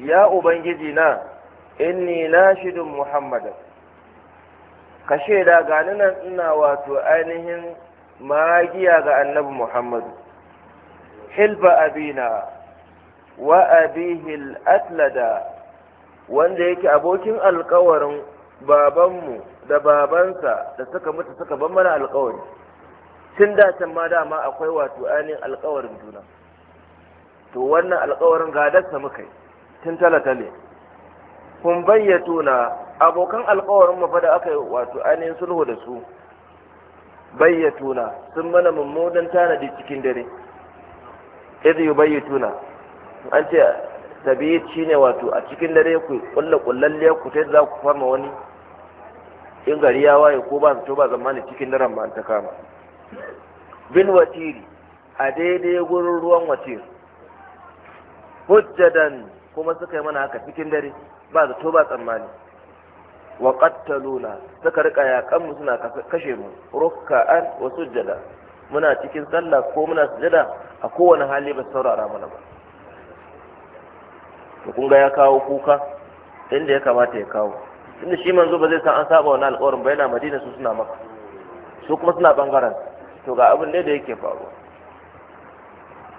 يا أبنجدنا إني ناشد محمدا ka shaida gani nan ina wato ainihin magiya ga annabi muhammadu hilba abina wa abihil atlada wanda yake abokin alkawarin babanmu da babansa da suka mutu suka ban mana alkawari tun da can ma dama akwai wato ainihin alkawarin juna to wannan alkawarin gadarsa muka yi tun talatale kun bayyato na abokan alkawarin mu da aka yi wato ainihin sulhu da su bayyatuna sun mana mummunan tanadi cikin dare yi bayyatuna an ce tabiyyat shine wato a cikin dare ku kulla kullalle ku ta za ku farma wani in gari ya waye ko ba to ba zamani cikin daren ba ta kama bil watiri a daidai gurin ruwan watir hujjadan kuma suka yi mana haka cikin dare ba zato ba tsammani wa qattaluna suka rika yakan mu suna kashe mu rukka'an wa sujjada muna cikin sallah ko muna sujjada a kowane hali ba saurara mana ba to kun ga ya kawo kuka inda ya kamata ya kawo inda shi manzo ba zai san an saba wannan alƙawarin ba yana madina su suna maka su kuma suna bangaren to ga abin ne da yake faruwa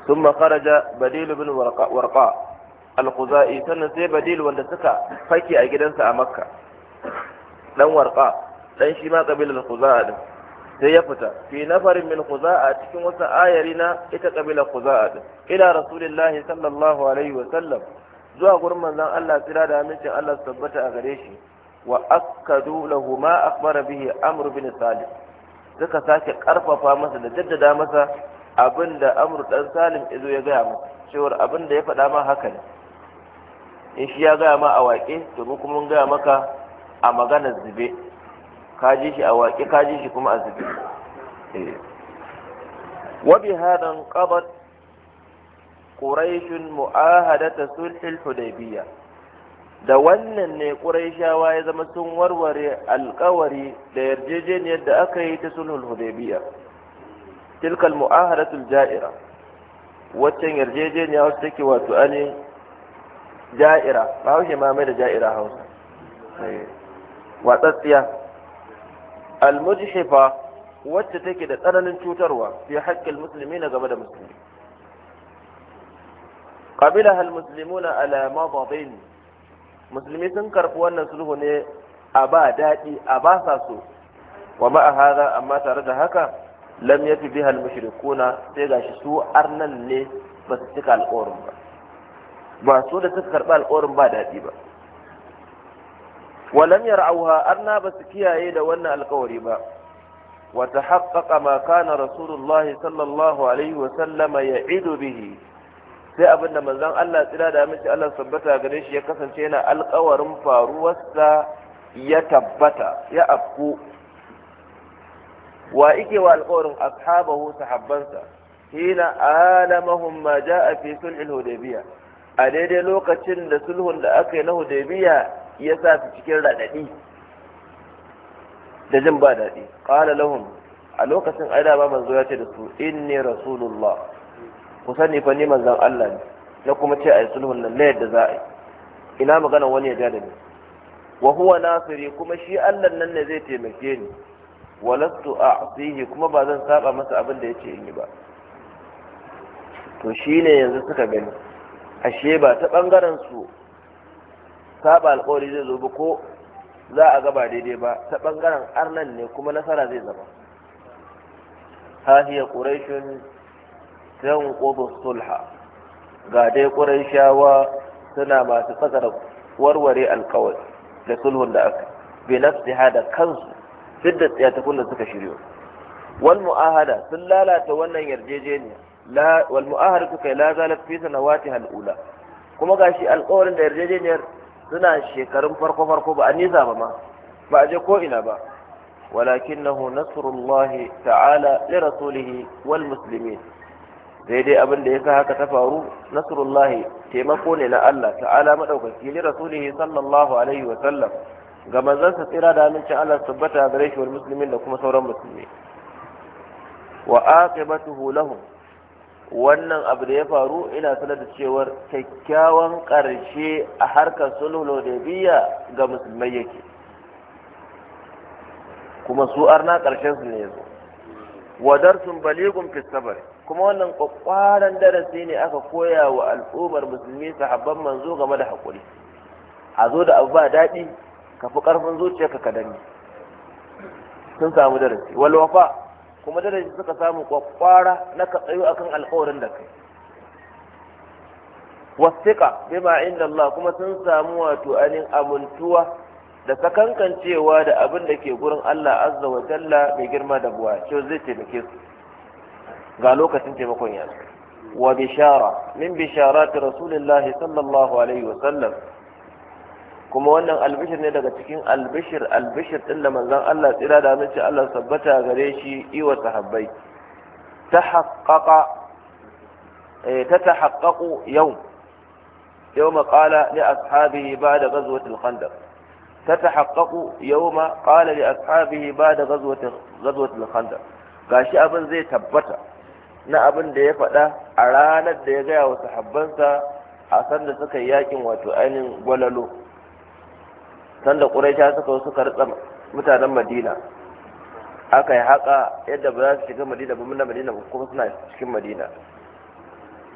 ثم خرج بديل بن ورقاء ورقاء الخزائي sannan sai badil wanda suka fake a gidansa a makka dan warqa dan shi ma kabilar khuza'a din sai ya fita fi nafarin min khuza'a cikin wasu ayari na ita kabilar khuza'a din ila rasulillahi sallallahu alaihi wa sallam zuwa gurin manzon Allah tsira da amincin Allah su tabbata a gare shi wa akkadu lahu ma akhbara bihi amr bin salim suka sake karfafa masa da jaddada masa abinda amr dan salim izo ya gaya masa cewar abinda ya faɗa ma haka ne in shi ya gaya ma a waƙe domin kuma mun gaya maka a maganar zube ka ji shi a waƙi kaji shi kuma a zube eh. wabi hadan qabat quraishun mu'ahadata sulhul hudaybiyya da wannan ne quraishawa ya zama sun warware alƙawari da yarjejeniyar da aka yi ta sulhul hudaybiyya tilka mu'ahadatul ja'ira waccan yarjejeniya wacce take wato ane ja'ira ba haushe ma mai da ja'ira hausa eh. watsatsiya almujhifa wacce take da tsananin cutarwa fi haƙƙin musulmi na gaba da musulmi qabila hal muslimuna ala madadin musulmi sun karɓi wannan sulhu ne a ba daɗi a ba sa so wa ma hada amma tare da haka lam yafi biha al mushrikuna sai gashi su arnan ne ba su cika alƙawarin ba ba su da suka karɓi alƙawarin ba daɗi ba walam yar'auha arna ba su kiyaye da wannan alkawari ba wa tahaqqaqa ma kana rasulullahi sallallahu alaihi wa sallama ya'idu bihi sai abinda manzon Allah tsira da miki Allah sabbata gare shi ya kasance yana alkawarin faruwarsa ya tabbata ya afku wa ike wa alkawarin ashabahu sahabbansa hina alamahum ma ja'a fi sulhul hudaybiyah a daidai lokacin da sulhun da aka yi na hudaybiyah ya sa su cikin raɗaɗi da jin ba daɗi ƙala lahum a lokacin aida ba manzo ya ce da su inni rasulullah ku sani fa ni manzon Allah ne na kuma ce ai sulhun nan na yadda za a yi ina magana wani ya da ni wa huwa nasiri kuma shi Allah nan ne zai taimake ni walastu a'tihi kuma ba zan saba masa abin da yace in yi ba to shine yanzu suka gani ashe ba ta bangaren su saba alkawari zai zo ba ko za a gaba daidai ba ta bangaren arnan ne kuma nasara zai zama hiya ƙuraishin yan ƙodo sulha ga dai ƙuraishawa suna masu tsakar warware alkawari da sulhun da aka bi nafsiha da kansu duk da ta da suka shiryo wal mu'ahada sun lalata wannan yarjejeniya wal mu'ahada suka yi lazalar fi sanawati hal'ula kuma gashi alƙawarin da yarjejeniyar suna shekarun farko farko ba a nisa ba ma ba a je ko ina ba walakinahu nasrullahi ta'ala li rasulihi wal muslimin daidai abin da yasa haka ta faru nasrullahi taimako ne na Allah ta'ala madaukaki li rasulihi sallallahu alaihi wa sallam ga manzansa tsira da amincin Allah tabbata gare shi wal muslimin da kuma sauran musulmi wa aqibatuhu lahum wannan abu da ya faru ina sanar da cewar kyakkyawan ƙarshe a harkar sulhul biya ga musulmai yake kuma su arna ƙarshen su ne yazo wadarsun baligun fi kuma wannan kwakwaran darasi ne aka koya wa al'ummar musulmi sahabban manzo game da haƙuri a zo da abu ba daɗi ka fi ƙarfin zuciya ka dani sun samu darasi wal wafa kuma daraja suka samu kwakwara na ka akan alkawarin da kai wasiƙa bima inda Allah kuma sun samu wato anin amintuwa da sakankancewa da abin da ke gurin Allah azza wa jalla mai girma da buwa ce zai taimake su ga lokacin taimakon yanzu wa bishara min bisharati rasulillahi sallallahu alaihi wa sallam kuma wannan albishir ne daga cikin albishir albishir din da manzon Allah tsira da mace Allah sabbata gare shi iwa sahabbai tahaqqaqa eh tatahaqqaqu yawm يوم قال لأصحابه بعد غزوة الخندق تتحقق li قال ba'da بعد غزوة al-khandaq gashi abin zai tabbata na abin da ya faɗa a ranar da ya gaya wa sahabbansa a sanda suka yi yakin wato ainihin gwalalo sanda ƙuraisha suka suka rutsa mutanen madina aka yi haka yadda ba za su shiga madina ba muna madina kuma suna cikin madina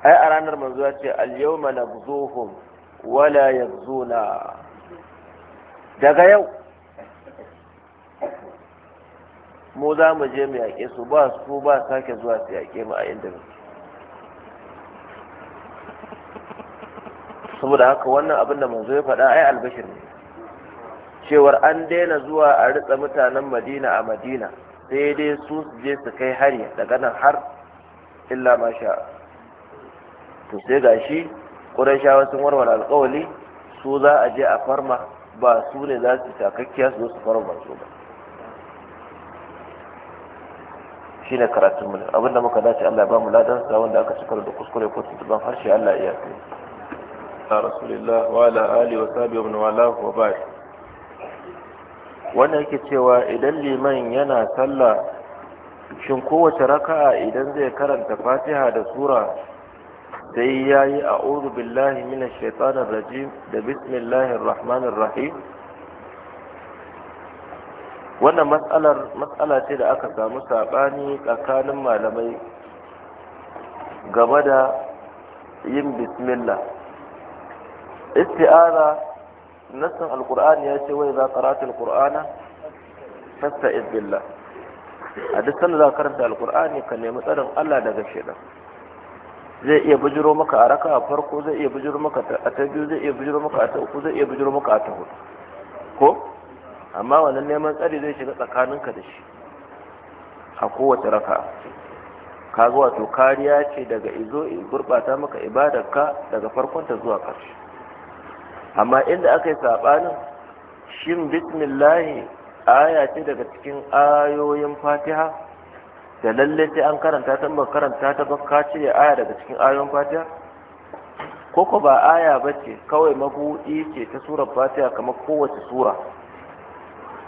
ai a ranar manzo ya ce al-yawma nabzuhum wala yabzuna daga yau mu za mu je mu yaƙe su ba su ba sake zuwa su yaƙe mu a inda muke saboda haka wannan abin da manzo ya faɗa ai albashir ne cewar an daina zuwa a ritsa mutanen madina a madina sai dai su je su kai hari daga nan har illa masha to sai shi ƙurashawa sun warware alƙawali su za a je a farma ba su ne za su takakkiya su zo su farma su ba shi ne karatun mu abinda muka dace Allah ya ba mu ladan sa wanda aka cikar da kuskure ko tuntuban harshe Allah ya yi rasulillah wa ala ali wa sabi wa man walahu wa ba'd wannan yake cewa idan liman yana sallah shin kowace raka'a idan zai karanta fatiha da sura sai ya yi a uru billahi mina shaitanin rajim da bismillahir rahmanir rahim wannan matsalar matsala ce da aka samu saɓani tsakanin malamai game da yin bismillah isti'ara nassan alqur'ani ya ce wai za qara'ta alqur'ana fasta'iz billah a duk sanda za ka karanta alqur'ani ka nemi tsarin Allah daga shaitan zai iya bujiro maka a raka a farko zai iya bujiro maka a ta biyu zai iya bujiro maka a ta uku zai iya bujiro maka a ta hudu ko amma wannan neman tsari zai shiga tsakaninka da shi a kowace raka kaga wato kariya ce daga izo gurɓata maka ibadarka daga farkonta zuwa ƙarshe amma inda aka yi saɓanin shin bismillahi aya ce daga cikin ayoyin fatiha da lalle sai an karanta ta ba karanta ta ba ka cire aya daga cikin ayoyin fatiha koko ba aya ba ce kawai mabuɗi ce ta sura fatiha kamar kowace sura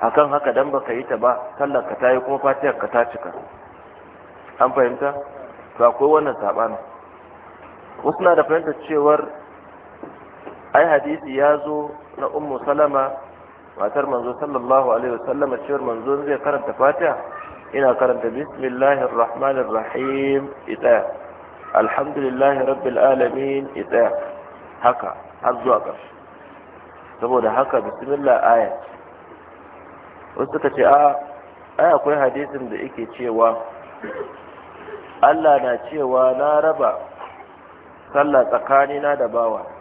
akan haka dan baka yi ta ba sallar ka tayi kuma fatiha ka ta cika an fahimta to akwai wannan saɓanin wasu na da fahimtar cewar ai hadisi ya zo na ummu salama matar manzo sallallahu alaihi wasallama cewar manzo zai karanta fatiha ina karanta bismillahir rahmanir rahim ita alhamdulillahi rabbil alamin ita haka har zuwa ƙarshe saboda haka bismillah aya wasu suka ce a ai akwai hadisin da yake cewa Allah na cewa na raba sallah tsakanina da bawa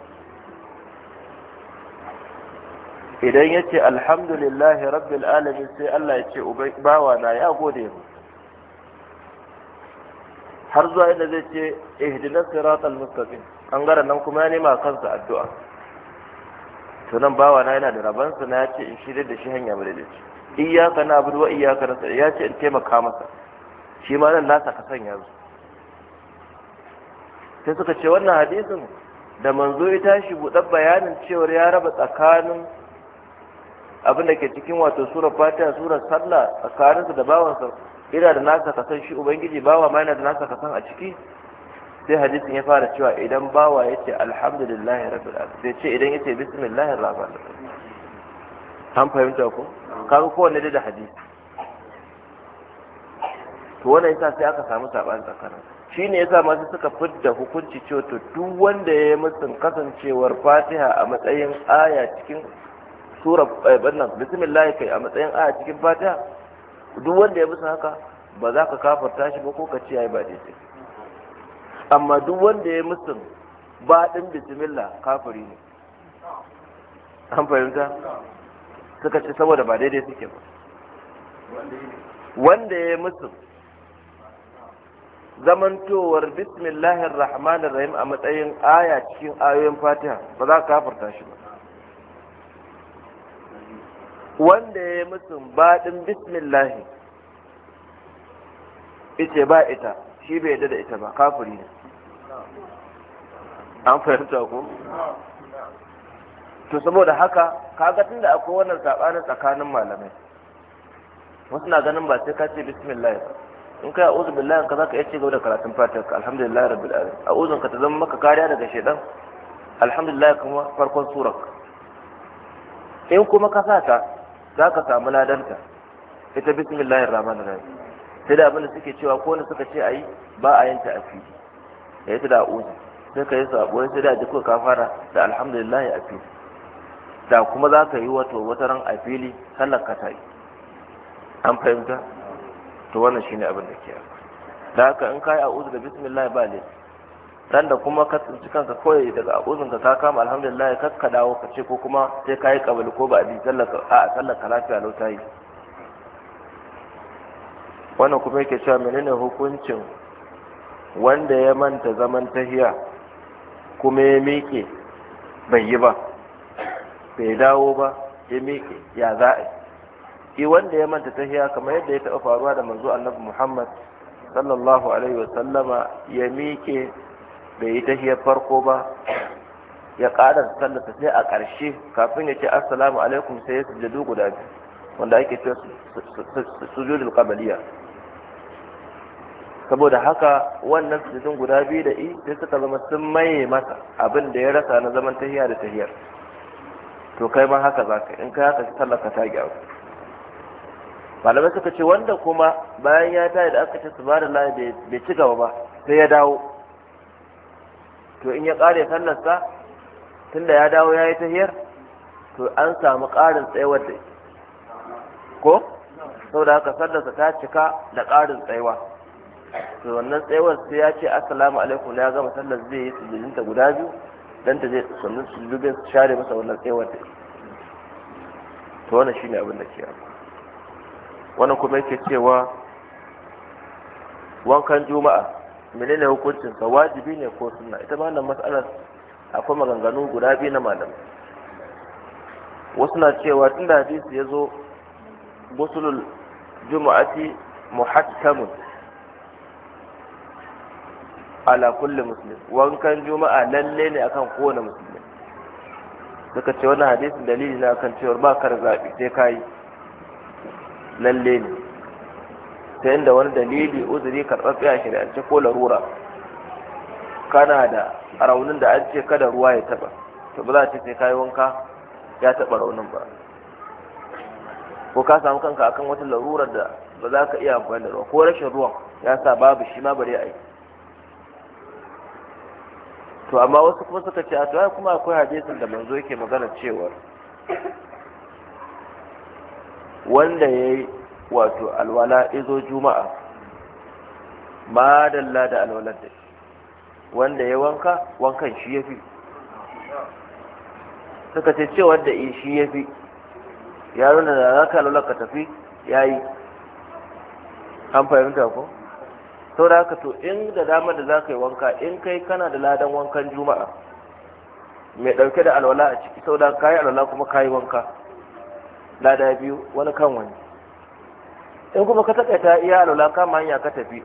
idan ya ce alhamdulillahi rabbil alamin sai Allah ya ce bawa na ya gode mu har zuwa inda zai ce ihdinas siratal mustaqim gara nan kuma ya nema kansa addu'a to nan bawa na yana da sa na ya ce in shirye da shi hanya madadaci iyyaka na'budu wa iyyaka nasta'in ya ce in taimaka masa shi ma nan nasa ka sanya su sai suka ce wannan hadisin da manzo ya tashi buɗar bayanin cewar ya raba tsakanin abin da ke cikin wato sura fatiha sura sallah tsakaninsa da bawansa ina da nasa san shi ubangiji bawa ma yana da nasa kasan a ciki sai hadisin ya fara cewa idan bawa ya ce alhamdulillahi rabbil alamin sai ce idan ya ce bismillahir rahmanir rahim an fahimta ko kaga wanne da hadisi to wannan yasa sai aka samu sabanin tsakanin shi ne yasa masu suka fidda hukunci cewa to duk wanda ya yi musun kasancewar fatiha a matsayin aya cikin sura eh, bannan bismillah kai a matsayin aya cikin fatiha duk wanda ya bi haka ba za ka kafarta shi ba ko ka ce yayi ba dai, amma duk wanda ya musu ba din bismillah kafiri ne an fahimta suka ce saboda ba daidai suke ba wanda ya musu zamantowar bismillahir rahmanir rahim a matsayin aya cikin ayoyin fatiha ba za ka kafarta shi ba wanda ya yi musu baɗin bismillahi ita ba ita shi bai yadda da ita ba kafuri ne an fahimta ku to saboda haka kaga tunda akwai wannan sabanin tsakanin malamai wasu na ganin ba sai ka ce bismillah in kai a'udhu billahi ka zaka yace gaba da karatun fatiha ka alhamdulillah rabbil alamin a'udhu ka ta zama maka kariya daga shaytan alhamdulillah kuma farkon surar in kuma ka sa ta za ka samu ladanta ita bismillahir rahmanir rahim sai da abin da suke cewa ko ne suka ce ayi ba a yanta a fili da ita da uzu sai ka yi sabo sai da duk ka fara da alhamdulillah a fili da kuma za ka yi wato wata ran a fili sallar ka tayi an fahimta to wannan shine abin da ke da haka in ka yi a uzu da bismillah ba laifi dan da kuma ka tsinci kanka kawai daga abuzin ka kama alhamdulillah ka ka dawo ka ce ko kuma sai ka yi kabali ko ba a bi sallaka a sallaka lafiya lau ta yi wannan kuma yake cewa menene hukuncin wanda ya manta zaman tahiya kuma ya miƙe bai yi ba bai dawo ba ya miƙe ya za a yi wanda ya manta tahiya kamar yadda ya taɓa faruwa da manzo annabi muhammad sallallahu alaihi wasallama ya miƙe bai yi tahiyar farko ba ya ƙara sallata sai a ƙarshe kafin ya ce assalamu alaikum sai ya sujudu guda biyu wanda ake ce sujudul qabliya saboda haka wannan sujudun guda biyu da i sai suka zama sun maye masa abin da ya rasa na zaman tahiya da tahiyar to kai ma haka zaka in kai haka sallaka ta gyaru malamai suka ce wanda kuma bayan ya tayi da aka ce subhanallahi bai ci gaba ba sai ya dawo to in ya ƙare sallarsa tunda ya dawo ya yi tahiyar to an samu ƙarin tsayawar da ko saboda haka sallarsa ta cika da ƙarin tsayuwa to wannan tsayuwar sai ya ce assalamu alaikum ya gama sallar zai yi sujudinta guda biyu dan ta zai sannan sujudin share masa wannan tsayuwar da to wannan shine abin da ke wannan kuma yake cewa wankan juma'a menene hukuncin ka wajibi ne ko sunna ita ma wannan mas'alar akwai maganganu guda biyu na malam wasu na cewa tunda hadisi ya zo gusulul juma'ati muhattamun ala kulli muslim wankan juma'a lalle ne akan kowane musulmi suka ce wannan hadisin dalili na kan cewar ba kar zaɓi sai kayi lalle ne ta yadda wani dalili uzuri karɓar tsaya shari'ance ko larura kana da raunin da an ce kada ruwa ya taɓa to ba za a ce sai kayi wanka ya taɓa raunin ba ko ka samu kanka akan wata larura da ba za ka iya amfani da ruwa ko rashin ruwan ya sa babu shi ma bare aiki. to amma wasu kuma suka ce a to kuma akwai hadisin da manzo yake magana cewa wanda ya yi wato alwala izo juma'a ma dalla da alwalar da wanda ya wanka wankan shi ya fi suka ce ce wanda shi ya fi yaro da za ka alwalar ka tafi ya yi an fahimta ko sau da haka to in da dama da za ka yi wanka in kai kana da ladan wankan juma'a mai ɗauke da alwala a ciki sau da ka yi alwala kuma kayi wanka lada biyu wani kan wani in kuma ka ta iya alwala kama hanya ka tafi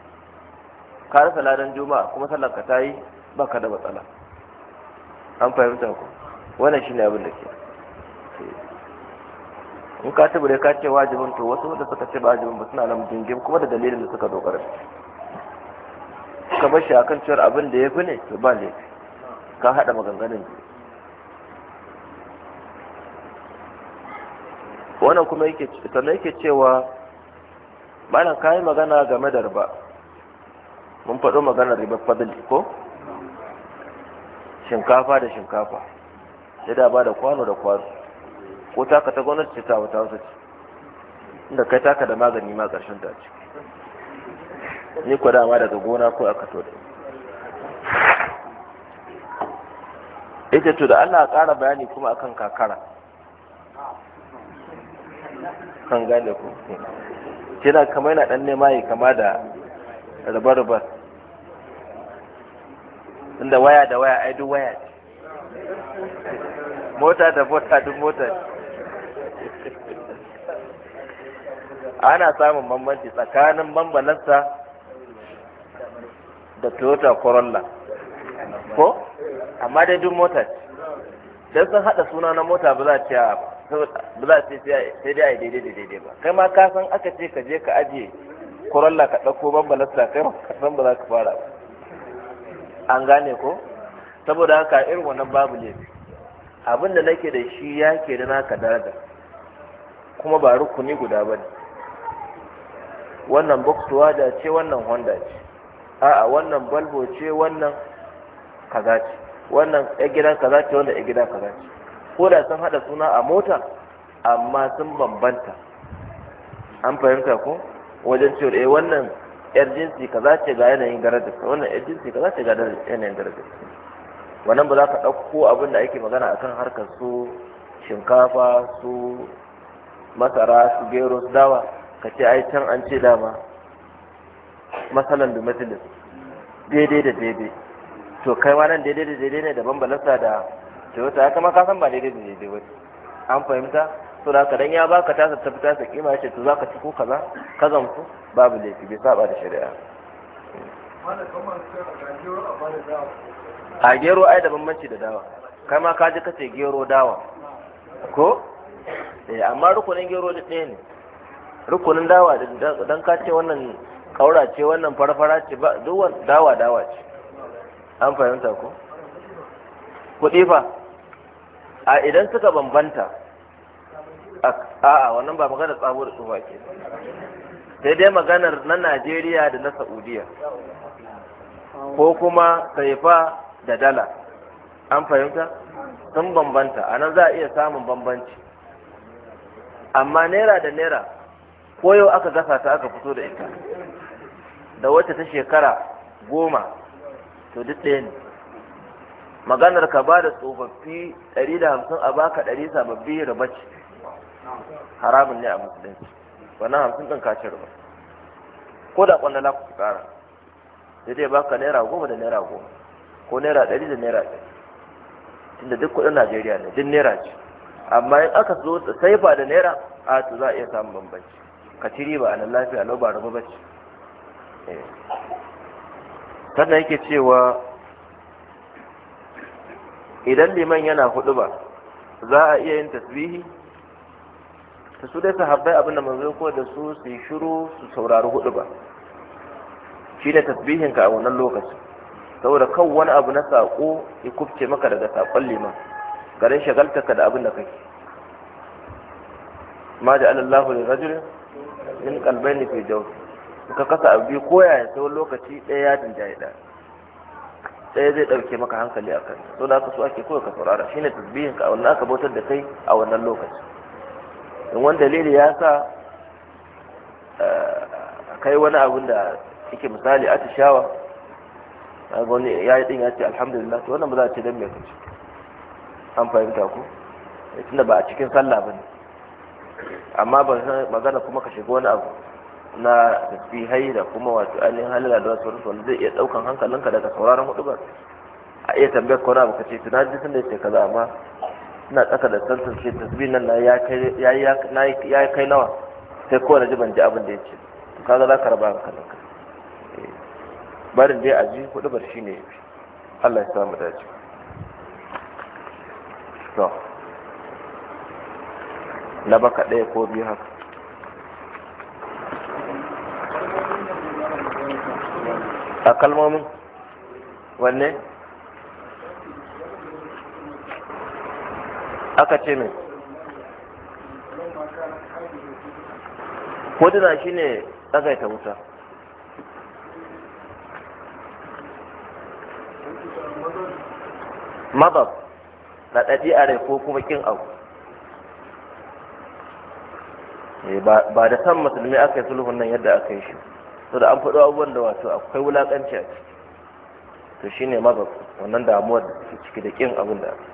ka rasa ladan juma'a kuma sallar ka ta yi baka da matsala an fahimta ku wannan shine abin da ke in ka ci bare ka ce wajibin to wasu da suka ce wajibin ba suna nan jingim kuma da dalilin da suka dogara ka bashi akan cewar abin da ya fi ne to ba ne, ka haɗa maganganun biyu wannan kuma yake sannan yake cewa malam kayi magana game da riba mun faɗo maganar riba fadil ko shinkafa da shinkafa da ba da kwano da kwano ko taka ta gwamnati ce ta wata wasu ce inda kai taka da magani ma ƙarshen ta ce ni ku dama daga gona ko aka to da ita to da Allah ƙara bayani kuma akan kakara kan gane ku yana kama yana ɗan nema yi kama da rabar-rabar inda waya da waya ai duk waya ce mota da mota duk mota (laughs) ana samun bambanci tsakanin bambanansa da toyota corolla ko amma dai duk mota ce don sun haɗa suna na mota ba za a ce ba za a sai dai a yi daidai da daidai ba kai ma ka san aka ce ka je ka ajiye kuralla ka ɗauko bambalasta kai ma ka san ba za ka fara ba an gane ko saboda haka irin wannan babu laifi abin da nake da shi ya ke da naka daraja kuma ba rukuni guda ba ne wannan boksuwa da ce wannan honda ce a'a wannan balbo ce wannan kaza ce wannan ya gidan kaza ce wannan ya gida kaza ce ko da sun haɗa suna a mota amma sun bambanta an fahimta ko wajen cewa eh wannan yar jinsi kaza ce ga yanayin garadarsa wannan yar jinsi kaza ce ga yanayin garadarsa wannan ba za ka ɗauko abin da ake magana akan harkar su shinkafa su masara su gero su dawa ka ce ai can an ce dama masalan da majalis daidai da daidai to kai ma nan daidai da daidai ne daban balasa da ta wata ya kama ka san ba daidai da daidai ba an fahimta to da haka dan ya baka tasa ta fita su kima ce to zaka ci ko kaza ka babu laifi bai saba da shari'a a gero ai da bambanci da dawa kai ma ka ji ka ce gero dawa ko eh amma rukunin gero da ɗaya ne rukunin dawa dan ka ce wannan kaura ce wannan farfara ce ba duk dawa dawa ce an fahimta ko kuɗi fa a idan suka bambanta a'a wannan ba maganar tsabo da tsufa ke sai dai maganar na Najeriya da na Saudiya ko kuma saifa da dala an fahimta sun bambanta a nan za a iya samun bambanci amma naira da naira ko yau aka gasa ta aka fito da ita da wacce ta shekara goma to duk ɗaya ne maganar ka ba da tsofaffi ɗari da hamsin a baka ɗari sababbi rabaci haramun ne a musulunci wannan hamsin ɗin kace riba ko da ƙwallala ku ku ƙara sai dai baka naira goma da naira goma ko naira ɗari da naira ɗari tunda duk kuɗin najeriya ne duk naira ce amma in aka zo sai ba da naira a to za a iya samun bambanci ka ci riba a nan lafiya lau ba rabu bace eh. sannan yake cewa idan liman yana hudu ba za a iya yin tasbihi ta su dai sahabbai abinda manzo ko da su su yi shiru su saurari hudu ba shi ne tasbihinka a wannan lokacin saboda kan wani abu na sako ya kufce maka daga sakon liman garin ka da abin da kake ma da alallahu da rajul in kalbai ne fi jau ka kasa abu biyu ko yaya sai lokaci ɗaya ya dinjaye ɗaya ɗaya zai ɗauke maka hankali a kan so da aka so ake kawai ka saurara shine tasbihinka a wannan aka bautar da kai a wannan lokacin in wani dalili ya sa eh, kai wani abin da yake misali a wani ya yi ya ce alhamdulillah to wannan ba za a ce don mai kace an fahimta ku eh, tunda ba a cikin sallah ba ne amma ba magana kuma ka shiga wani abu na tasbihai da kuma wato ainihin halala da wasu wanda zai iya daukan hankalinka daga sauraron hudu ba a iya tambayar kwana ba ka ce tunaji sun da ya ce kaza amma ina tsaka da sallar ce tasbih nan na ya kai ya kai nawa sai ko na ji ban ji abin da ya ce kaga za ka raba hankalin ka eh. barin dai aji ji hudu bar shi ne Allah ya samu dace to na baka ɗaya ko biyu haka a kalmomin wanne aka ce mai hudura shi ne tsagaita wuta mabab na ɗaɗi a rai ko kuma kin abu eh, ba da san musulmi aka yi sulhun nan yadda aka yi shi to da an faɗo abubuwan da wato akwai wulaƙanci a ciki to shine mabab wannan damuwar da ciki da kin abin da aka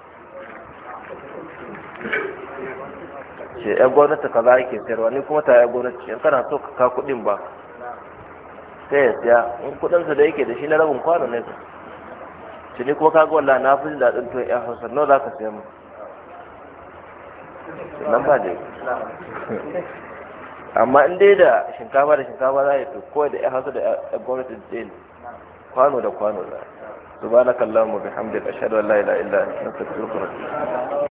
ce ya gwamnati ka za ke sayarwa ni kuma ta ya gwamnati in kana so ka kuɗin ba sai ya siya in kuɗinsa da yake da shi na rabin kwano ne ka ce ni kuma ka ga wallahi na fi jin daɗin to ya hausa nawa za ka siya mu nan ba dai amma in dai da shinkafa da shinkafa za a yi to kawai da ya hausa da ya gwamnati da ne kwano da kwano za a subhanakallahumma bihamdika ashhadu an la ilaha illa anta astaghfiruka wa atubu